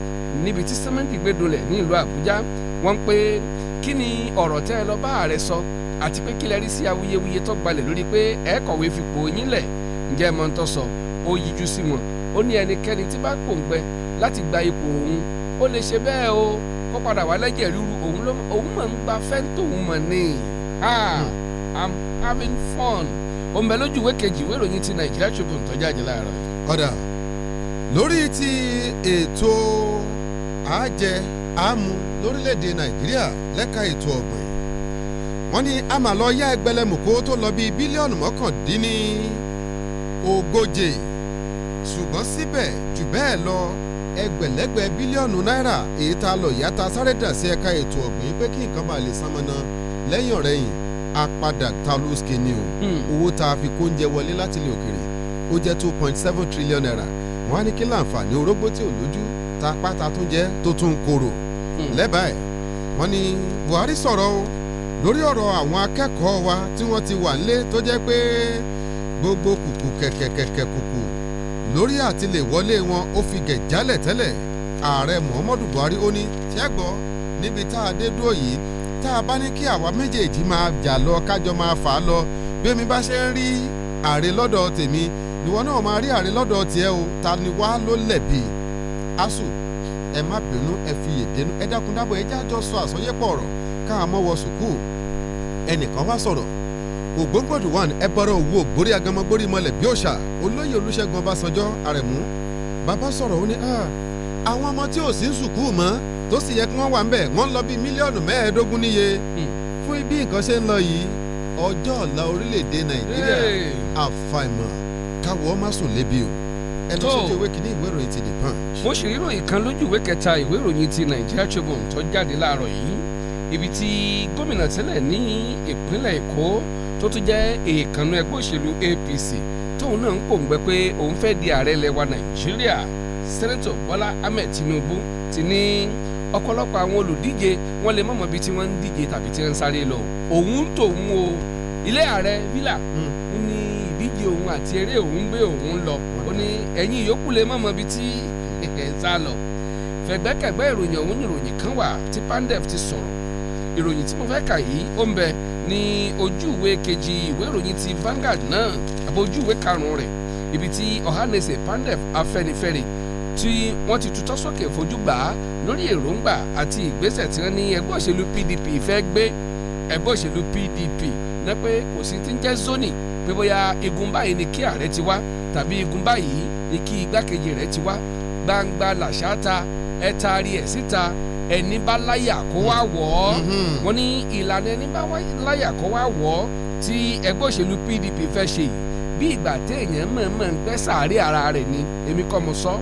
níbi tí sẹ́mẹ́ǹtì gbé ní ìlú Àbújá wọ́n pé kí ni ọ̀rọ̀ tẹ́ ẹ lọ bá ààrẹ sọ àti pé kí lẹ rí sí awuyewuye tó gbalẹ̀ lórí pé ẹ kọ̀wé fipò yín lẹ̀ ǹjẹ́ mọ́ ń tọ́ sọ ó yíjú sí wọn ó ní ẹnikẹ́ni tí bá pòǹgbẹ láti gba ipò òun ó lè ṣe bẹ́ẹ̀ o kó padà wá lẹ́jẹ̀ ríru òun mọ̀ ń gba fẹ́ńtò òun mọ̀ ní ah, I'm having fun. ó ń bẹ lójú ìwé kejì ìwé ìròyìn ti nàìjíríà Tribune tó láàárọ̀. ọ̀dà lórí ti ètò àjẹ àmú lórílẹ̀‐èdè nàìjíríà lẹ́ka ètò ọ̀gbìn wọ́n ní a máa lọ yá ẹgbẹ̀lẹ́mùkó tó lọ bíi bílíọ̀nù mọ́kàndínní ogóje ṣùgbọ́n síbẹ̀ jù bẹ́ẹ̀ lọ ẹgbẹ̀lẹ́gbẹ̀ bílíọ̀nù náírà èyí ta sáré dà sí ètò ọ̀gbìn pé kí nǹkan bá lè sánmọ́ná lẹ́yìn ọ̀rẹ́yìn apadà taluske ni o hmm. owó tá a fi kó oúnjẹ wọlé láti ilẹ̀ òkèrè ó jẹ́ two point seven trillion naira wọ́n á ní kí láǹfààní orógbó tí ò lójú ta pátá tó jẹ́ tó tún ń korò hmm. lẹ́bàá ẹ̀ wọ́n ní Buhari sọ̀rọ̀ o lórí ọ̀rọ̀ àwọn akẹ́kọ̀ọ́ wa tí wọ́n ti wà nílé tó jẹ́ pé gbogbo kùkù kẹ̀kẹ̀kẹ̀kẹ̀ kùkù lórí àtìlẹ́wọlé wọn ó fi gẹ̀ jálẹ̀ tẹ́lẹ̀ ààrẹ Muhammadu Buhari ó ní ṣẹ́gbọ́ níbi tá a dé dúró yìí tá a bá ní kí àwa méjèèjì máa jà lọ kájọ máa fà á lọ bí èmi bá ṣe ń rí àrè lọ́dọ̀ tèmi ìwọ náà máa rí àrè lọ́dọ̀ tiẹ̀ o ta ni wá ló lẹ̀bi asu ẹ má bínú ẹ fi yèdénú ẹ dákun dábọ̀ ẹ jájọ sọ àsọyépọ̀ ọ̀rọ̀ káà mọ́ wọ sùkúù ẹnìkan wá sọ̀rọ̀ ògbóngbòdù wà ní ẹbọrọ òwú ògbórí agamọgbórí mọlẹ bí òòṣà olóyè olùṣègùn ọbásanjọ́ àrẹ̀mú bàbá sọ̀rọ̀ ó ní ah, àwọn ọmọ tí ò sí ń sùkúù mọ́ tó sì yẹ kí wọ́n wà ń bẹ̀ wọ́n ń lọ bí mílíọ̀nù mẹ́ẹ̀ẹ́dógún níye hmm. fún bí nǹkan ṣe ń lọ yìí ọjọ́ ọ̀la orílẹ̀-èdè nàìjíríà àfàìmọ̀ káwọ́ má sùn lébi o ẹnu sójú ìwé kìíní ìwé ìròyìn ti The Punch. mo ṣèlérí ìròyìn kan lójú ìwé kẹta ìwé ìròyìn ti Nigeria Tribune tó jáde láàárọ̀ yìí ibi tí gómìnà tẹ́lẹ̀ ní ìpínlẹ̀ èkó tó tún jẹ́ èèkànnú ẹgbẹ́ òṣèlú APC tóun náà ń pòǹgbẹ pé òun fẹ́ di ààrẹ ilẹ̀ wa nàìjíríà sẹ́nẹ́tọ̀ bọ́lá ahmed tinubu ti ní. Ni ọ̀pọ̀lọpọ̀ àwọn olùdíje wọ́n lè mọ̀mọ́ bí tí wọ́n ń díje tàbí tí wọ́n ń sáré lọ òun tòun o ilé ààrẹ villa ń hmm. ní ìdíje òun àti eré òun gbé òun lọ ó ní ẹ̀yin ìyókù lè mọ̀mọ́ bí tí ẹ̀ ń sá lọ fẹ̀gbẹ́kẹ̀gbẹ́ ìròyìn ọ̀hún ìròyìn kan wà tí pandef ti sọ̀rọ̀ ìròyìn tí mo fẹ́ kà yìí ó ń bẹ ní ojú ìwé kejì ìwé ìròyìn ti Vanguard náà àbójú ìwé karùn-ún rẹ̀ ibi tí Ohanaeze Pandef Afẹ́nifẹ́re tí wọ́n ti tutọ́ sókè fojú gbà á lórí èròǹgbà àti ìgbésẹ̀ tí wọ́n ní ẹgbẹ́ òṣèlú PDP fẹ́ gbé ẹgbẹ́ òṣèlú PDP ná pé kò sí ti ń jẹ́ zoni pé bóyá igun báyìí ni kí ààrẹ ti wá tàbí igun báyìí ni kí igbákejì rẹ̀ ti wá gbangba làṣà ta ẹ taari ẹ̀ síta ẹni bá láyà kó wá wọ̀ ọ́ mm-hmm. wọ́n ní ìlànà ẹni bá láyà kó wá wọ̀ ọ́ tí ẹgbẹ́ òṣèlú PDP fẹ́ ṣe yìí bí ìgbà téèyàn mọ̀ọ́mọ̀ ń gbẹ́ sàárè ara rẹ̀ ni èmi kọ́ mo sọ so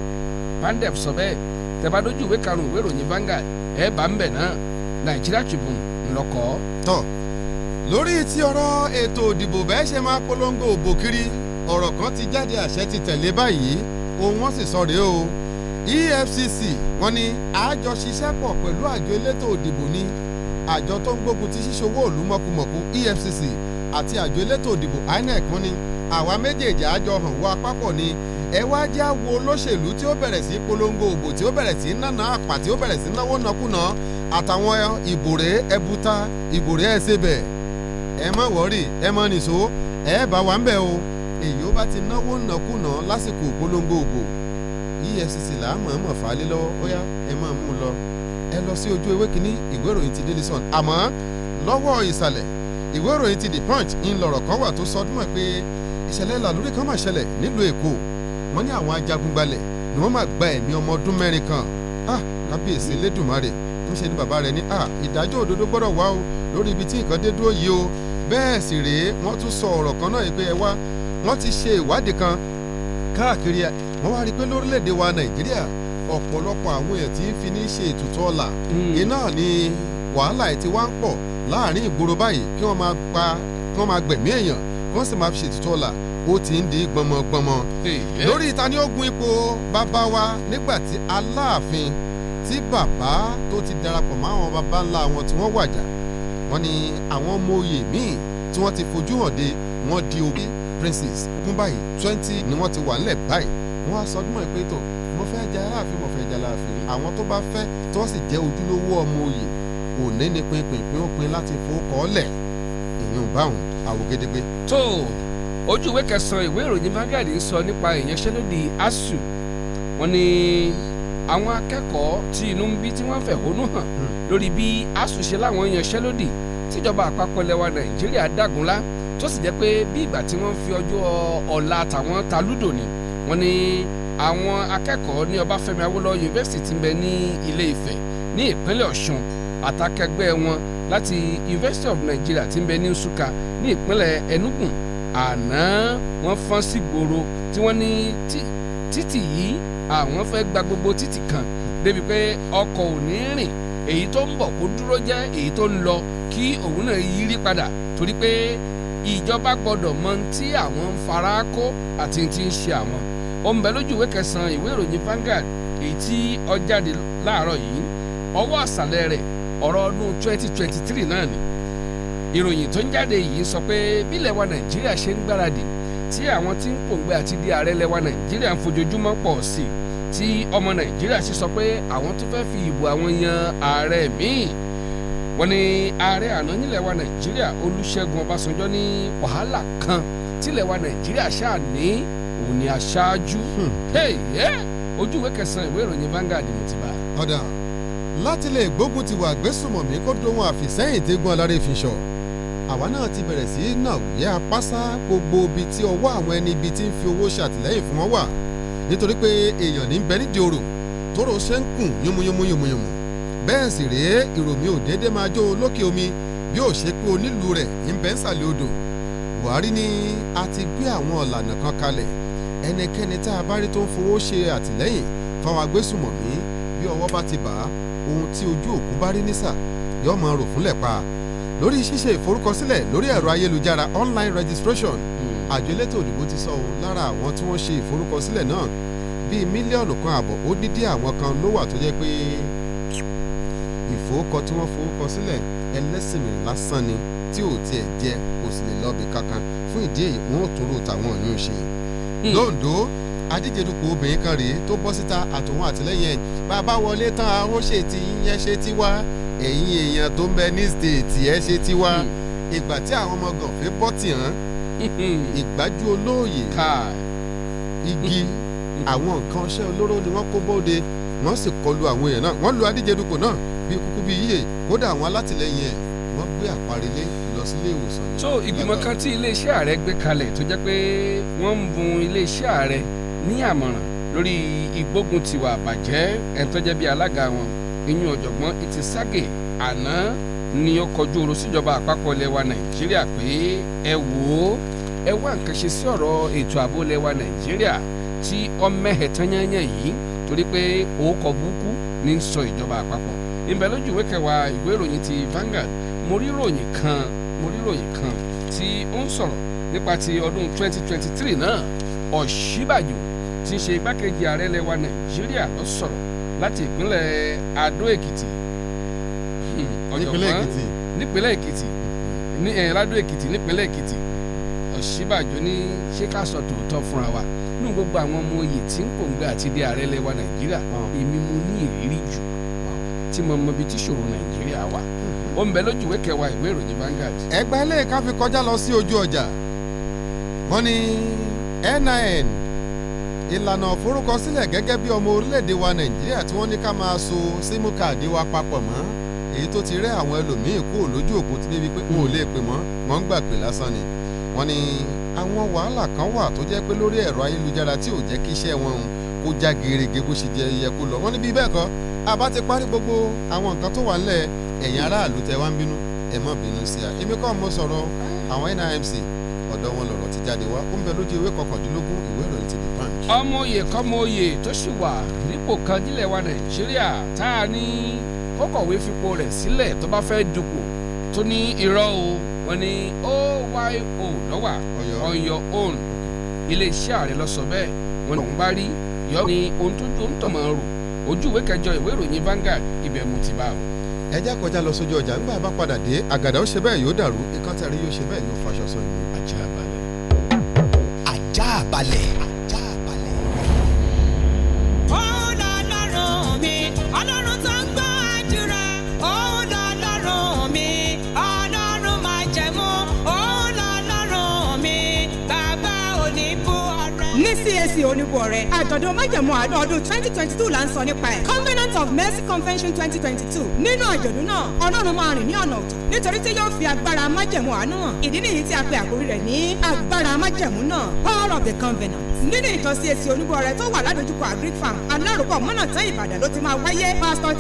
pandef sọ bẹ́ẹ̀ tẹ́bàdójú ìwé karùn-ún ìwé ìròyìn Vanguard ẹ̀ bá ń bẹ̀ náà Nàìjíríà Tribune ńlọkọ̀. tọ́ lórí ti ọ̀rọ̀ ètò òdìbò bẹ́ẹ̀ ṣe máa polongo òbò kiri ọ̀rọ̀ kan ti jáde àṣẹ ti tẹ̀lé báyìí ohun wọ́n sì sọ rèé o EFCC wọ́n ní àjọṣiṣẹ́ pọ̀ pẹ̀lú àjọ elétò òdìbò ní àjọ tó ń gbógun ti ṣíṣòwò òlú mọ̀kùmọ̀kù EFCC àti àjọ elétò òdìbò INEC wọ́n ní àwa méjèèjì àjọ hàn wọ apápọ̀ ni ẹ wá já wo olóṣèlú tí ó bẹ̀rẹ̀ sí polongo òbò tí ó bẹ̀rẹ̀ sí nànà àpà tí ó bẹ̀rẹ̀ sí náwó nàkúnà àtàwọn ìbòrè ẹbuta ìbòrè ẹsẹbẹ ẹ má wọrí ẹ má nìṣó ẹ bá wa ń bẹ o èyí ó bá ti náwó nàkúnà lásìkò polongo òbò EFCC là á mọ̀ ọ́n mọ̀ fàálẹ́ lọ́wọ́ ó yá ẹ máa mú un lọ ẹ lọ sí ojú ewé kínní ìwé ìròyìn ti Daily Sun àmọ́ lọ́wọ́ ìsàlẹ̀ ìwé ìròyìn ti The Punch ń lọ̀rọ̀ kan wà tó sọ ọdún mọ̀ pé ìṣẹ̀lẹ̀ làlúrí kan mà ṣẹlẹ̀ nílùú Èkó wọ́n ní àwọn ajagunbalẹ̀ ni wọ́n máa gba ẹ̀mí ọmọ ọdún mẹ́rin kan ah kábíyèsí elédùnmarè ń ṣe ni bàbá rẹ̀ ní ah ìdájọ́ òdodo gbọ́dọ̀ wá o lórí ibi tí nǹkan dé dúró yìí o bẹ́ẹ̀ sì rèé wọ́n tún sọ ọ̀rọ̀ kan náà pé ẹ wá wọ́n ti ṣe ìwádìí kan káàkiri wọ́n wá rí i pé lórílẹ̀ wa nàìjíríà ọ̀pọ̀lọpọ̀ àwọn èèyàn tí ń fi ní ṣe ètùtù ọlà hmm. iná ni wàhálà ẹ̀ ti wá ń pọ̀ láàrin ìgboro báyìí kí wọ́n máa gbẹ̀mí èèyàn kí wọ́n sì máa fi ṣètùtù ọlà ó ti ń di gbọmọgbọmọ lórí ta ni ó gun ipò bàbá wa nígbà tí aláàfin tí bàbá tó ti darapọ̀ mọ́ àwọn bàbá ńlá wọn tí wọ́n wàjà wọ́n ní àwọn ọmọ oyè míì tí wọ́n ti fojú hàn de wọ́n di obi princess ogun báyìí twenty ni wọ́n ti wà ńlẹ̀ báyìí wọ́n á sọdún mọ́ ẹ tó mo fẹ́ jẹ aláàfin mo fẹ́ jẹ aláàfin àwọn tó bá fẹ́ tí wọ́n sì jẹ́ ojúlówó ọmọ oyè òní ni pinpin pín ó pin láti fowó kọ́ ọ́ lẹ̀ ìyún báwọn àwògedegbe. tó o ojú ìwé kẹsàn-án ìwé ìròyìn Vanguard ń sọ nípa ìyanṣẹ́lódì ASUU wọ́n ní àwọn akẹ́kọ̀ọ́ tí inú ń bí tí wọ́n fẹ̀hónú hàn hmm. lórí bí ASUU ṣe láwọn ìyanṣẹ́lódì tíjọba àpapọ̀ lẹwa Nàìjíríà dàgúnlá tó sì jẹ́ pé bí ìgbà tí wọ́n fi ọjọ́ ọ̀la tàwọn ta lúdò ni wọ́n ní àwọn akẹ́kọ̀ọ́ ní Ọbáfẹ́mi Awólọ́wọ̀ yunifásitì ti ń bẹ ní Ilé Ifẹ̀ ní ìpínlẹ̀ Ọ̀ṣun àtàkẹgbẹ́ wọn láti University of Nigeria ti ń bẹ ní Nsukka ní ìpínlẹ̀ Enugu àná wọ́n fọ́n sí gbòòrò tí wọ́n ní títì yìí àwọn fẹ́ gba gbogbo títì kan débi pé ọkọ̀ ò ní rìn èyí tó ń bọ̀ kó dúró jẹ́ èyí tó ń lọ kí òun náà yírí padà torí pé ìjọba gbọ́dọ̀ mọ tí àwọn ń fara kó àti tí ń ṣe àwọn ó ń bẹ lójú ìwé kẹsàn ìwé ìròyìn Vanguard èyí tí ó jáde yìí ọwọ́ àṣàlẹ̀ rẹ̀ ọ̀rọ̀ ọdún 2023 náà ni ìròyìn tó ń jáde yìí sọ pé bílẹ̀ wa nàìjíríà ṣe ń gbáradì tí àwọn tí ń pòǹgbẹ àti di ààrẹ lẹwa nàìjíríà ń fojoojúmọ́ pọ̀ sí i tí ọmọ nàìjíríà sì sọ pé àwọn tó fẹ́ẹ́ fi ìbò àwọn yan ààrẹ míì wọ́n ní ààrẹ àná nílẹ̀ wa nàìjíríà olúṣẹ́gun ọbásanjọ́ ní wàhálà kan tílẹ̀ wa nàìjíríà ṣáà ní òun ni aṣáájú hmm. ojú ìwé kẹsàn-án ìwé ìròyìn Vanguard mo ti bá. ọ̀dà láti lè gbógun ti wà gbésùmọ̀mí kó dohun àfìsẹ́yìn tí gbọ́n lára fi sọ àwa náà ti bẹ̀rẹ̀ sí nàwé apásá gbogbo ibi tí ọwọ́ àwọn ẹni ibi tí ń fi owó ṣàtìlẹ́yìn fún wọn wà nítorí pé èèyàn ní bẹ nídìí orò tóró ṣe ń kùn yúnmuyúnmu yúnmuyúnmu bẹ́ẹ̀ sì rèé ìròmí ò déédé máa jó lókè omi bí ó ṣe pé onílù rẹ̀ ń bẹ ń sàlẹ̀ odò Buhari ní a ti gbé àwọn ọ̀lànà kan kalẹ̀ ẹnikẹ́ni tá a bá rí tó ń fowó ṣe àtìlẹ́yìn fáwọn agbésùmọ̀mí bí ọwọ́ bá ti bà á ohun tí ojú òkú bá rí nísà yóò máa rò fúnlẹ̀ pa lórí ṣíṣe ìforúkọsílẹ̀ lórí ẹ̀rọ ayélujára online registration hmm. àjọ elétò òdìbò ti sọ lára àwọn tí wọ́n ṣe ìforúkọsílẹ̀ náà bíi mílíọ̀nù kan àbọ̀ ó dídí àwọn kan ló wà tó jẹ́ pé ìfowókọ tí wọ́n fowókọ sílẹ̀ ẹlẹ́sìnmì lásán ni tí ò tiẹ̀ jẹ́ kò sì lè lọ́ọ̀bì kankan fún ìdí èyí wọn ò tó rò tàwọn yóò ṣe. Hmm. lóńdó adíje obìnrin kan rèé tó bọ́ síta àtòwọn àtìlẹ́yìn ẹ̀ bàbá wọlé tán ó ṣe ti yẹn ṣe ti wá ẹ̀yin èèyàn tó ń bẹ ní stéètì ẹ ṣe tiwa hmm. ìgbà tí àwọn ọmọ gànfẹ́ bọ́ tì hàn hmm. ìgbájú olóòyè igi hmm. àwọn nǹkan ọṣẹ olóró ni wọ́n kó bóde wọ́n sì kọlu àwọn èèyàn náà wọ́n lu adíjedukò náà bíi kúkú bíi yíyè kódà àwọn alátìlẹyìn ẹ̀ wọ́n gbé àparilé lọ sílé ìwòsàn. so ìgbìmọ̀ kan tí iléeṣẹ́ ààrẹ gbé kalẹ̀ tó jẹ́ pé wọ́n ń bun iléeṣẹ́ ààrẹ ní àmọ̀ràn lórí ìgbógun tiwa àbàjẹ́ ẹ̀ tó jẹ́ bíi alága wọn ìyún ọ̀jọ̀gbọ́n sage àná ni ó kọjú oru síjọba àpapọ̀ lẹ́wà Nàìjíríà pé ẹ wò ó ẹ wá nǹkan ṣe sí ọ̀rọ̀ ètò ààbò lẹ́wà Nàìjíríà tí ọmẹ́hẹ̀ tányányán yìí torí pé òókọ̀ burúkú ní sọ ìjọba àpapọ̀ ìbẹ̀ lójú ìwé kẹwàá ìwé ìròyìn ti Vanguard mo rí ìròyìn kan mo rí ìròyìn kan tí ó ń sọ̀rọ̀ nípa ti ọdún 2023 náà Ọ̀ṣíbàjò tí ṣe igbákejì ààrẹ lẹ́wà Nàìjíríà ló láti ìpínlẹ̀ Adó Èkìtì hmm, ọ̀jọ̀gbọ́n nípínlẹ̀ Èkìtì ní eh, Ládó Èkìtì nípínlẹ̀ Èkìtì Ọ̀ṣínbàjò ní ṣé ká sọ tòótọ́ fúnra wa nínú gbogbo àwọn ọmọ oyè tí ń pòǹgbà àti di ààrẹ lẹwa Nàìjíríà èmi mo ní ìrírí jù tí mo mọ ibi tí ṣòro Nàìjíríà wà hmm. ó ń bẹ lójú ìwé kẹwàá ìwé ìròyìn Vanguard. ẹgbẹ́ ilé ká fi kọjá lọ sí ojú ọjà wọ́n ní NIN ìlànà forúkọsílẹ̀ gẹ́gẹ́ bí ọmọ orílẹ̀-èdè wa nàìjíríà tí wọ́n ní ká máa so símù káàdì wa papọ̀ mọ́ èyí tó ti rẹ́ àwọn ẹlòmíín kúrò lójú òpó tí débi pé wọn ò lè pè mọ́ wọ́n ń gbà pé lásán ni wọ́n ní àwọn wàhálà kan wà tó jẹ́ pé lórí ẹ̀rọ ayélujára tí ò jẹ́ kí iṣẹ́ wọn kó já gerege bó ṣe jẹ yẹ kó lọ wọ́n ní bí bẹ́ẹ̀ kọ́ àbá ti parí gbogbo àwọn nǹkan tó wà ńlẹ̀ ẹ̀yin aráàlú tẹ wá ń bínú ẹ má bínú sí i èmi kọ́ mo sọ̀rọ̀ àwọn NIMC ọ̀dọ̀ wọn lọ̀rọ̀ ti jáde wá ó ń bẹ ọmọ oyè kọ́mọ oyè tó sì wà nípò kan nílẹ̀ wa nàìjíríà tá a ní kó fipò rẹ̀ sílẹ̀ tó bá fẹ́ dupò tó ní irọ́ o wọ́n ní oyo lọ́wà ọ̀yọ́ own iléeṣẹ́ ààrẹ lọ sọ bẹ́ẹ̀ wọn lòún bá rí yọ ní ohun tó tó ń tọ̀mọ̀ rò ojú ìwé kẹjọ ìwé ìròyìn Vanguard ibẹ̀ mo ti bá o. ẹ jẹ́ kọjá lọ sójú ọjà nígbà bá padà dé àgàdà ó ṣe bẹ́ẹ̀ yóò dàrú ìkọ́tàrí yóò ṣe bẹ́ẹ̀ yóò fàṣọ sọ ìlú. ajá balẹ̀. ajá balẹ̀. ìbáṣepọ̀ rẹ àjọ̀dún májẹ̀mú àádọ́ ọdún twenty twenty two là ń sọ nípa ẹ̀ covenant of mercy convention twenty twenty two nínú àjọ̀dún náà ọlọ́run máa rìn ní ọ̀nà ọ̀tọ̀ nítorí tí yóò fi agbára májẹ̀mú àánú hàn ìdí nìyí tí a pe àkórí rẹ̀ ní agbára májẹ̀mú náà power of the covenant nínú ìtọ́sí etí olúbọ̀rẹ̀ tó wà ládojúkọ agric farm alárùkọ mọ́nàtán ìbàdàn ló ti máa wáyé pásítọ̀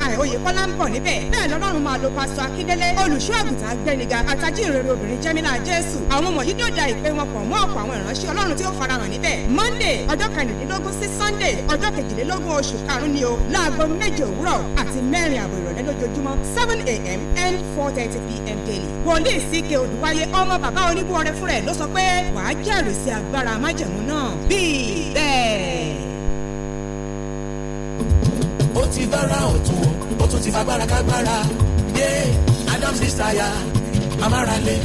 tai oyèkọ́lá ń bọ̀ níbẹ̀ bẹ́ẹ̀ lọ́lọ́run máa lo pásítọ̀ akíndélé olùṣọ́àgùtàn agbẹ́niga àtàjíròrò obìnrin jẹ́mílà jésù àwọn wọ̀nyí ni ó da ìpè wọn pọ̀ mọ́ ọ̀pọ̀ àwọn ìránṣẹ́ ọlọ́run tí ó farahàn níbẹ̀ monday ọjọ́ kẹrìndínlógún sí sunday ọjọ́ kejìlélógún oṣù karùn-ún ni o láago méje òwúrọ̀ àti mẹ́rin àbọ̀ ìrọ̀lẹ́ lójoojúmọ́ seven a.m. and four thirty p.m. daily wòlíì sí ke olùwáyé ọmọ bàbá oníbúrọ̀rẹ́ fúnra ẹ̀ ló sọ pé wàá jẹ́rìí sí agbára májẹ̀mú náà Be there. ó ti bára ọ̀tún ó tún ti fagbára kágbára yé Adams ní sáyà amárale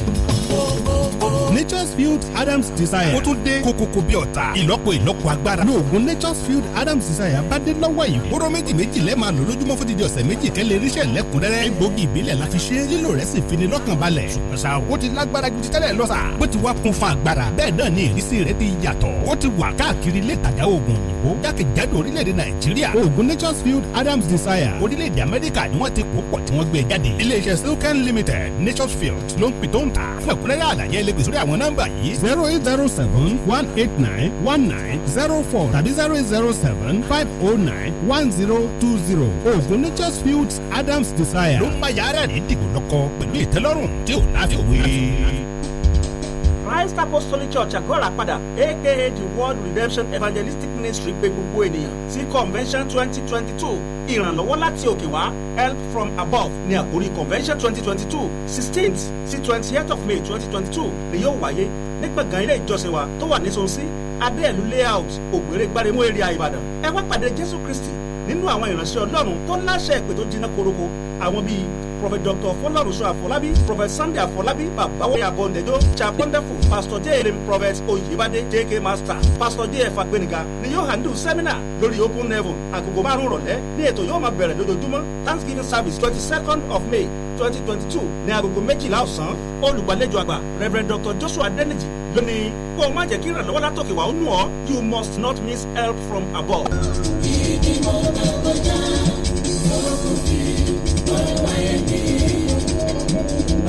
nature's field adams desire. ó tún dé kókókó bí ọ̀tá. ìlọ́po ìlọ́po agbára. lóògùn nature's field adams desire bá dé lọ́wọ́ yìí. kóró méjì méjì lẹ́ẹ̀ máa lò lójúmọ́ fún dídí ọ̀sẹ̀ méjì kẹ́lẹ́ irísẹ́ lẹ́kùnrẹ́rẹ́. egbògi ìbílẹ̀ la fi ṣe lílo rẹ̀ sì fi ni lọ́kàn balẹ̀. ṣùgbọ́n sa, ó ti lágbára gidi tẹ́lẹ̀ lọ́sà. bó ti wá kún fún agbára bẹ́ẹ̀ náà ni ìrísí rẹ̀ ti yàtọ̀. ó ti wà káàkiri ilé ìtajà oògùn òyìnbó jákèjádò orílẹ̀-èdè nàìjíríà. oògùn nature's field adams desire orílẹ̀-èdè amẹ́ríkà ni wọ́n ti kó pọ̀ tí wọ́n gbé e jáde. ilé iṣẹ́ silken limited nature's field ló ń pin tó ń ta fún ẹ̀k ẹ̀kúnrẹ́rẹ́ àlàyé ẹ lè pè sórí àwọn nọ́mbà yìí zero eight zero seven one eight nine one nine zero four tàbí zero eight zero seven five oh nine one zero two zero oògùn nature's fields Adams Desire. ló ń bá yàrá rẹ̀ dìgbò lọ́kọ pẹ̀lú ìtẹ́lọ́rùn tí ò láfi òwe. Christ Apostolic Church Agora padà aka the World Redemption Evangelistic Ministry pè gbogbo ènìyàn sí convention twenty twenty two ìrànlọ́wọ́ láti òkè wá help from above ní àkórí convention twenty twenty two sixteenth sí twenty eight of May twenty twenty two ni yóò wáyé ní gbọ̀ngàn ilé ìjọsìn wa tó wà ní Sonsí Adéẹ̀lú layout Ògbèrè Gbaremú area Ìbàdàn ẹ wá pàdé Jésù Kristi nínú àwọn ìránṣẹ́ Ọlọ́run tó láṣẹ ìpè tó jiná koroko àwọn bíi Prophet Dr. Folaruso Afolabi, Prophet Sunday Afolabi, Babawo Abondejo, Chap Wonderful, Pastor J. Elim Prophet Oyibade, JK Master, Pastor J. F. Agbeniga, ni yóò handle seminar lórí Open Heaven, àgùgò márùn-ún rọ̀lẹ́, ní ètò yóò máa bẹ̀rẹ̀ lójoojúmọ́, Thanksgiving service twenty second of May twenty twenty two ní agogo méjìlá ọ̀sán, olùgbàlejò àgbà Rev. Dr. Joshua Deniji lónìí, kó o má jẹ́ kí ìrànlọ́wọ́ látòkè wá ó nù ọ́, you must not miss help from above.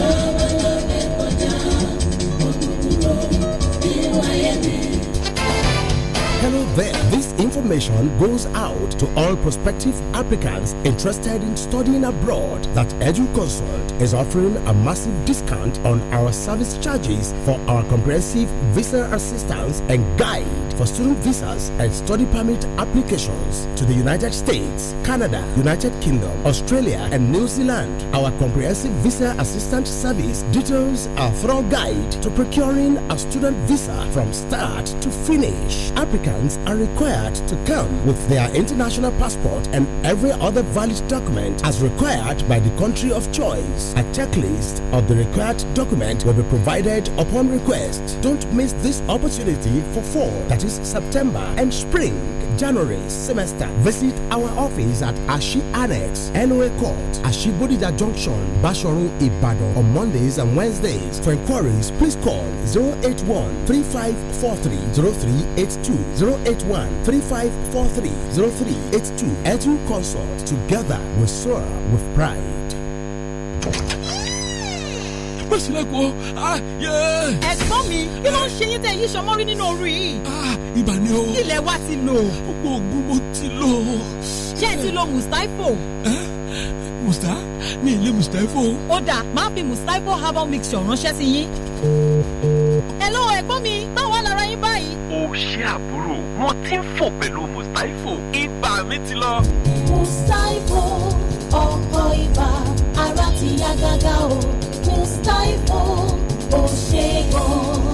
love. there. This information goes out to all prospective applicants interested in studying abroad that EduConsult is offering a massive discount on our service charges for our comprehensive visa assistance and guide for student visas and study permit applications to the United States, Canada, United Kingdom, Australia, and New Zealand. Our comprehensive visa assistance service details a thorough guide to procuring a student visa from start to finish. Applicants are required to come with their international passport and every other valid document as required by the country of choice. A checklist of the required document will be provided upon request. Don't miss this opportunity for fall, that is September and spring. January semester. Visit our office at Ashi Annex, NOA Court, Ashi Bodija Junction, Bashoru, Ibadan on Mondays and Wednesdays. For inquiries, please call 081 3543 0382 eight one three five four three zero three eight two edu consult together we soar with pride. Mọ̀sílẹ̀kùn ayé. Ah, Ẹ̀gbọ́n mi, kí ló ń ṣe yín tẹ yí sọmọ́rí nínú òru yìí? Ah, ibà ni o. Ilẹ̀ wa ti lò. Gbogbo ògùn mo ti lò. Ṣé ẹ ti lo Mustapho? musta mi ì lé mustapho. ó dáa máa fi mustapho herbal mixture ránṣẹ́ sí yín. hello ẹ̀gbọ́n mi báwo lára yín báyìí. ó ṣe àbúrò wọn ti ń fò pẹ̀lú mustapho ibà mi ti lọ. mustapho ọkọ ibà ara ti yá gágá o mustapho ò ṣe gan-an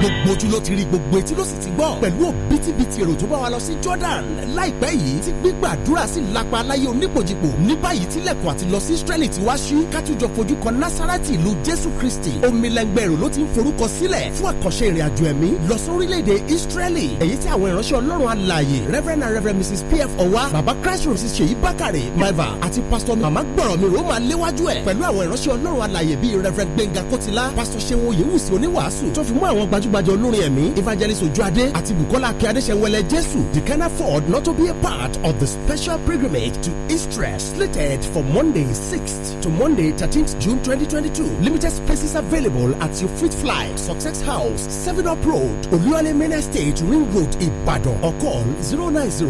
gbogbo ojú ló ti rí gbogbo etí ló sì ti gbọ́ pẹ̀lú òbítíbitì èrò tó bá wa lọ sí Jordan láìpẹ́ yìí tí gbígbàdúrà sì lapa aláyé onípojìpò ní báyìí tilẹ̀kùn àti lọ sí Israeli ti wá ṣí kátújọ fojú kan Násárátì ìlú Jésù Kristi omilẹ̀ngbẹ̀ èrò ló ti ń forúkọ sílẹ̀ fún àkànṣe ìrìn àjò ẹ̀mí lọ sórílẹ̀-èdè Israeli èyí tí àwọn ìránṣẹ́ Ọlọ́run alààyè Reverend and Reverend Mrs P.F. Ọwa Baba Christ Mrs Seyi Bakare Maiva àti Pastor Mama Gbọ̀rọ̀mi Roma léwájú ẹ̀ pẹ̀lú àwọn ìránṣẹ́ Ọlọ́run alààyè bíi Reverend Gbẹ̀ngà Kótìlá Pastor Ṣeun Oyèwùsì oníwàásù tó fi mú gbajúgbajù olórin ẹ̀mí evangelist ojuade àti bukola akíndéṣẹ́wẹlẹ jésù you can afford not to be a part of the special pilgrimage to Israel slated for Monday 6th to Monday 13th June 2022. Limited spaces available at your Fleet Fly, Success House, Seven Up Road, Oluwale Main Estate, Ring Road, Ibadan or call 090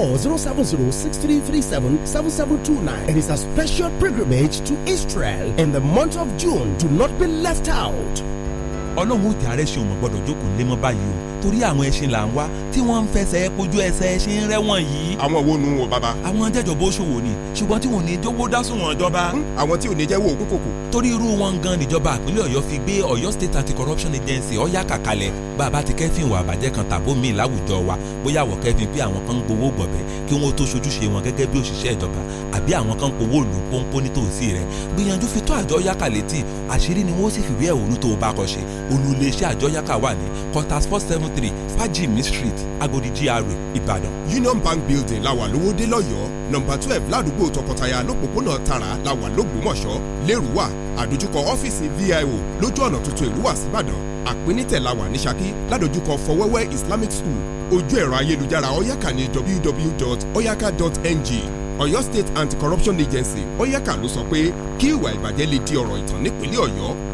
or 070 and it's a special pilgrimage to Israel in the month of June. Do not be left out out ọlọ́run ó tẹ àrẹ ṣe òmò gbọ́dọ̀ jókòó ńlẹ́ mọ́ báyìí o torí àwọn ẹṣin là ń wá tí wọ́n ń fẹsẹ̀ kojú ẹsẹ̀ ẹṣin rẹ́wọ̀n yìí. àwọn wo nu wo bàbá. àwọn jẹjọ bó ṣòwò ni ṣùgbọ́n tí wọn ò ní jówó dásùn wọn jọba. àwọn tí ò ní jẹ́ wo òkú kòkò. torí irú wọn gan níjọba àpínlẹ̀ ọ̀yọ́ fi gbé ọ̀yọ́ state anti-corruption agency ọ̀yá kàkalẹ̀ bàbá ti kẹ́fìn wà bàjẹ́ kan tàbó mi láwùjọ wa bóyá àwọ̀ kẹ́fìn bí àwọn kan ń gbowó gbọ̀bẹ̀ kí wọ́n tó ṣojúṣe wọn gẹ́gẹ́ bí òṣìṣẹ́ ìjọba àbí àwọn kan ń powó lù pọ́npọ́n nítòsí rẹ̀ gbìyànjú fi tó àjọ yákà létí àṣírí ni wọ́n sì fìwé ẹ̀hónú tó o bá kọ ṣe olú àjọ yákà wà ní contact four seven three fajimi street agodi gra Ibadan. union bank building làwà lówódé lọ́yọ́ọ́ nọ́mbà twelve ládùúgbò tọkọtaya lọ́pọ̀pọ̀nà tara làwà lógbómọ̀ṣọ́ lẹ́rùwà àdójúkọ ọ́fíìsì vio lójú ọ̀nà tuntun ìrúwà síbàdàn àpínítẹ̀ làwà ní ṣakí ládójúkọ fọwẹ́wẹ́ islamic school ojú ẹ̀rọ ayélujára oyaka ní www.oyaka.ng ọ̀yọ́ state anti-corruption agency oyaka ló sọ pé kí ìwà ìbàjẹ́ lè di ọ̀rọ̀ ìtàn nípínlẹ̀ ọ̀yọ́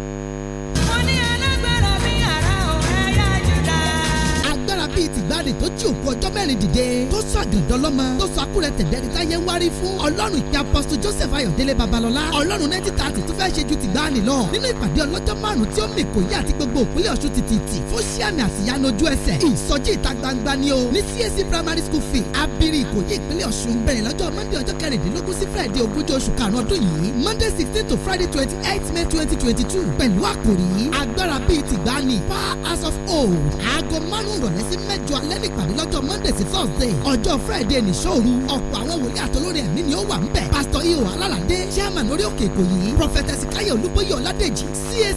gbéni dìde tó sọ àgàndọ́ lọ́mọ tó sọ akúrẹ́ tẹ̀dẹ́rì táyé ń wárí fún ọlọ́run ìpè apọ́sítọ̀ joseph ayọ̀délé babalọ́lá ọlọ́run nẹ́tí tààtì tó fẹ́ ṣe ju ti gbáàni lọ nínú ìpàdé ọlọ́jọ́ márùn tí ó mì kò yí àti gbogbo òpínlẹ̀ ọ̀ṣun tìtìtì fún síàmì àsìyánu ojú ẹsẹ̀ ìsọjí ìta gbangba ni o ní csc primary school fee abiri ìkòyí ìpínlẹ̀ ọ̀ṣun bẹ̀rẹ̀ lọ́jọ́ monday ọjọ́ kẹrìndínlógún sí friday ogúnjọ́ oṣù karùn-ún ọdún yìí monday sixteen to friday twenty eight may twenty twenty two pẹ̀lú àkòrí agbára bíi tìgbàanì power house of old aago márùn-ún rọ̀lẹ́sí mẹ́jọ alẹ́ nípàdé lọ́jọ́ monday sí thursday ọjọ́ friday ní sóòru ọ̀pọ̀ àwọn wòlíì àtolórí ẹ̀mí ni ó wà ńbẹ̀ pásítọ̀ ihò e alálàdé chairman orí òkè èkó yìí prọfẹtẹsì káyọ̀ olúbóyè ọ̀ládèjì cac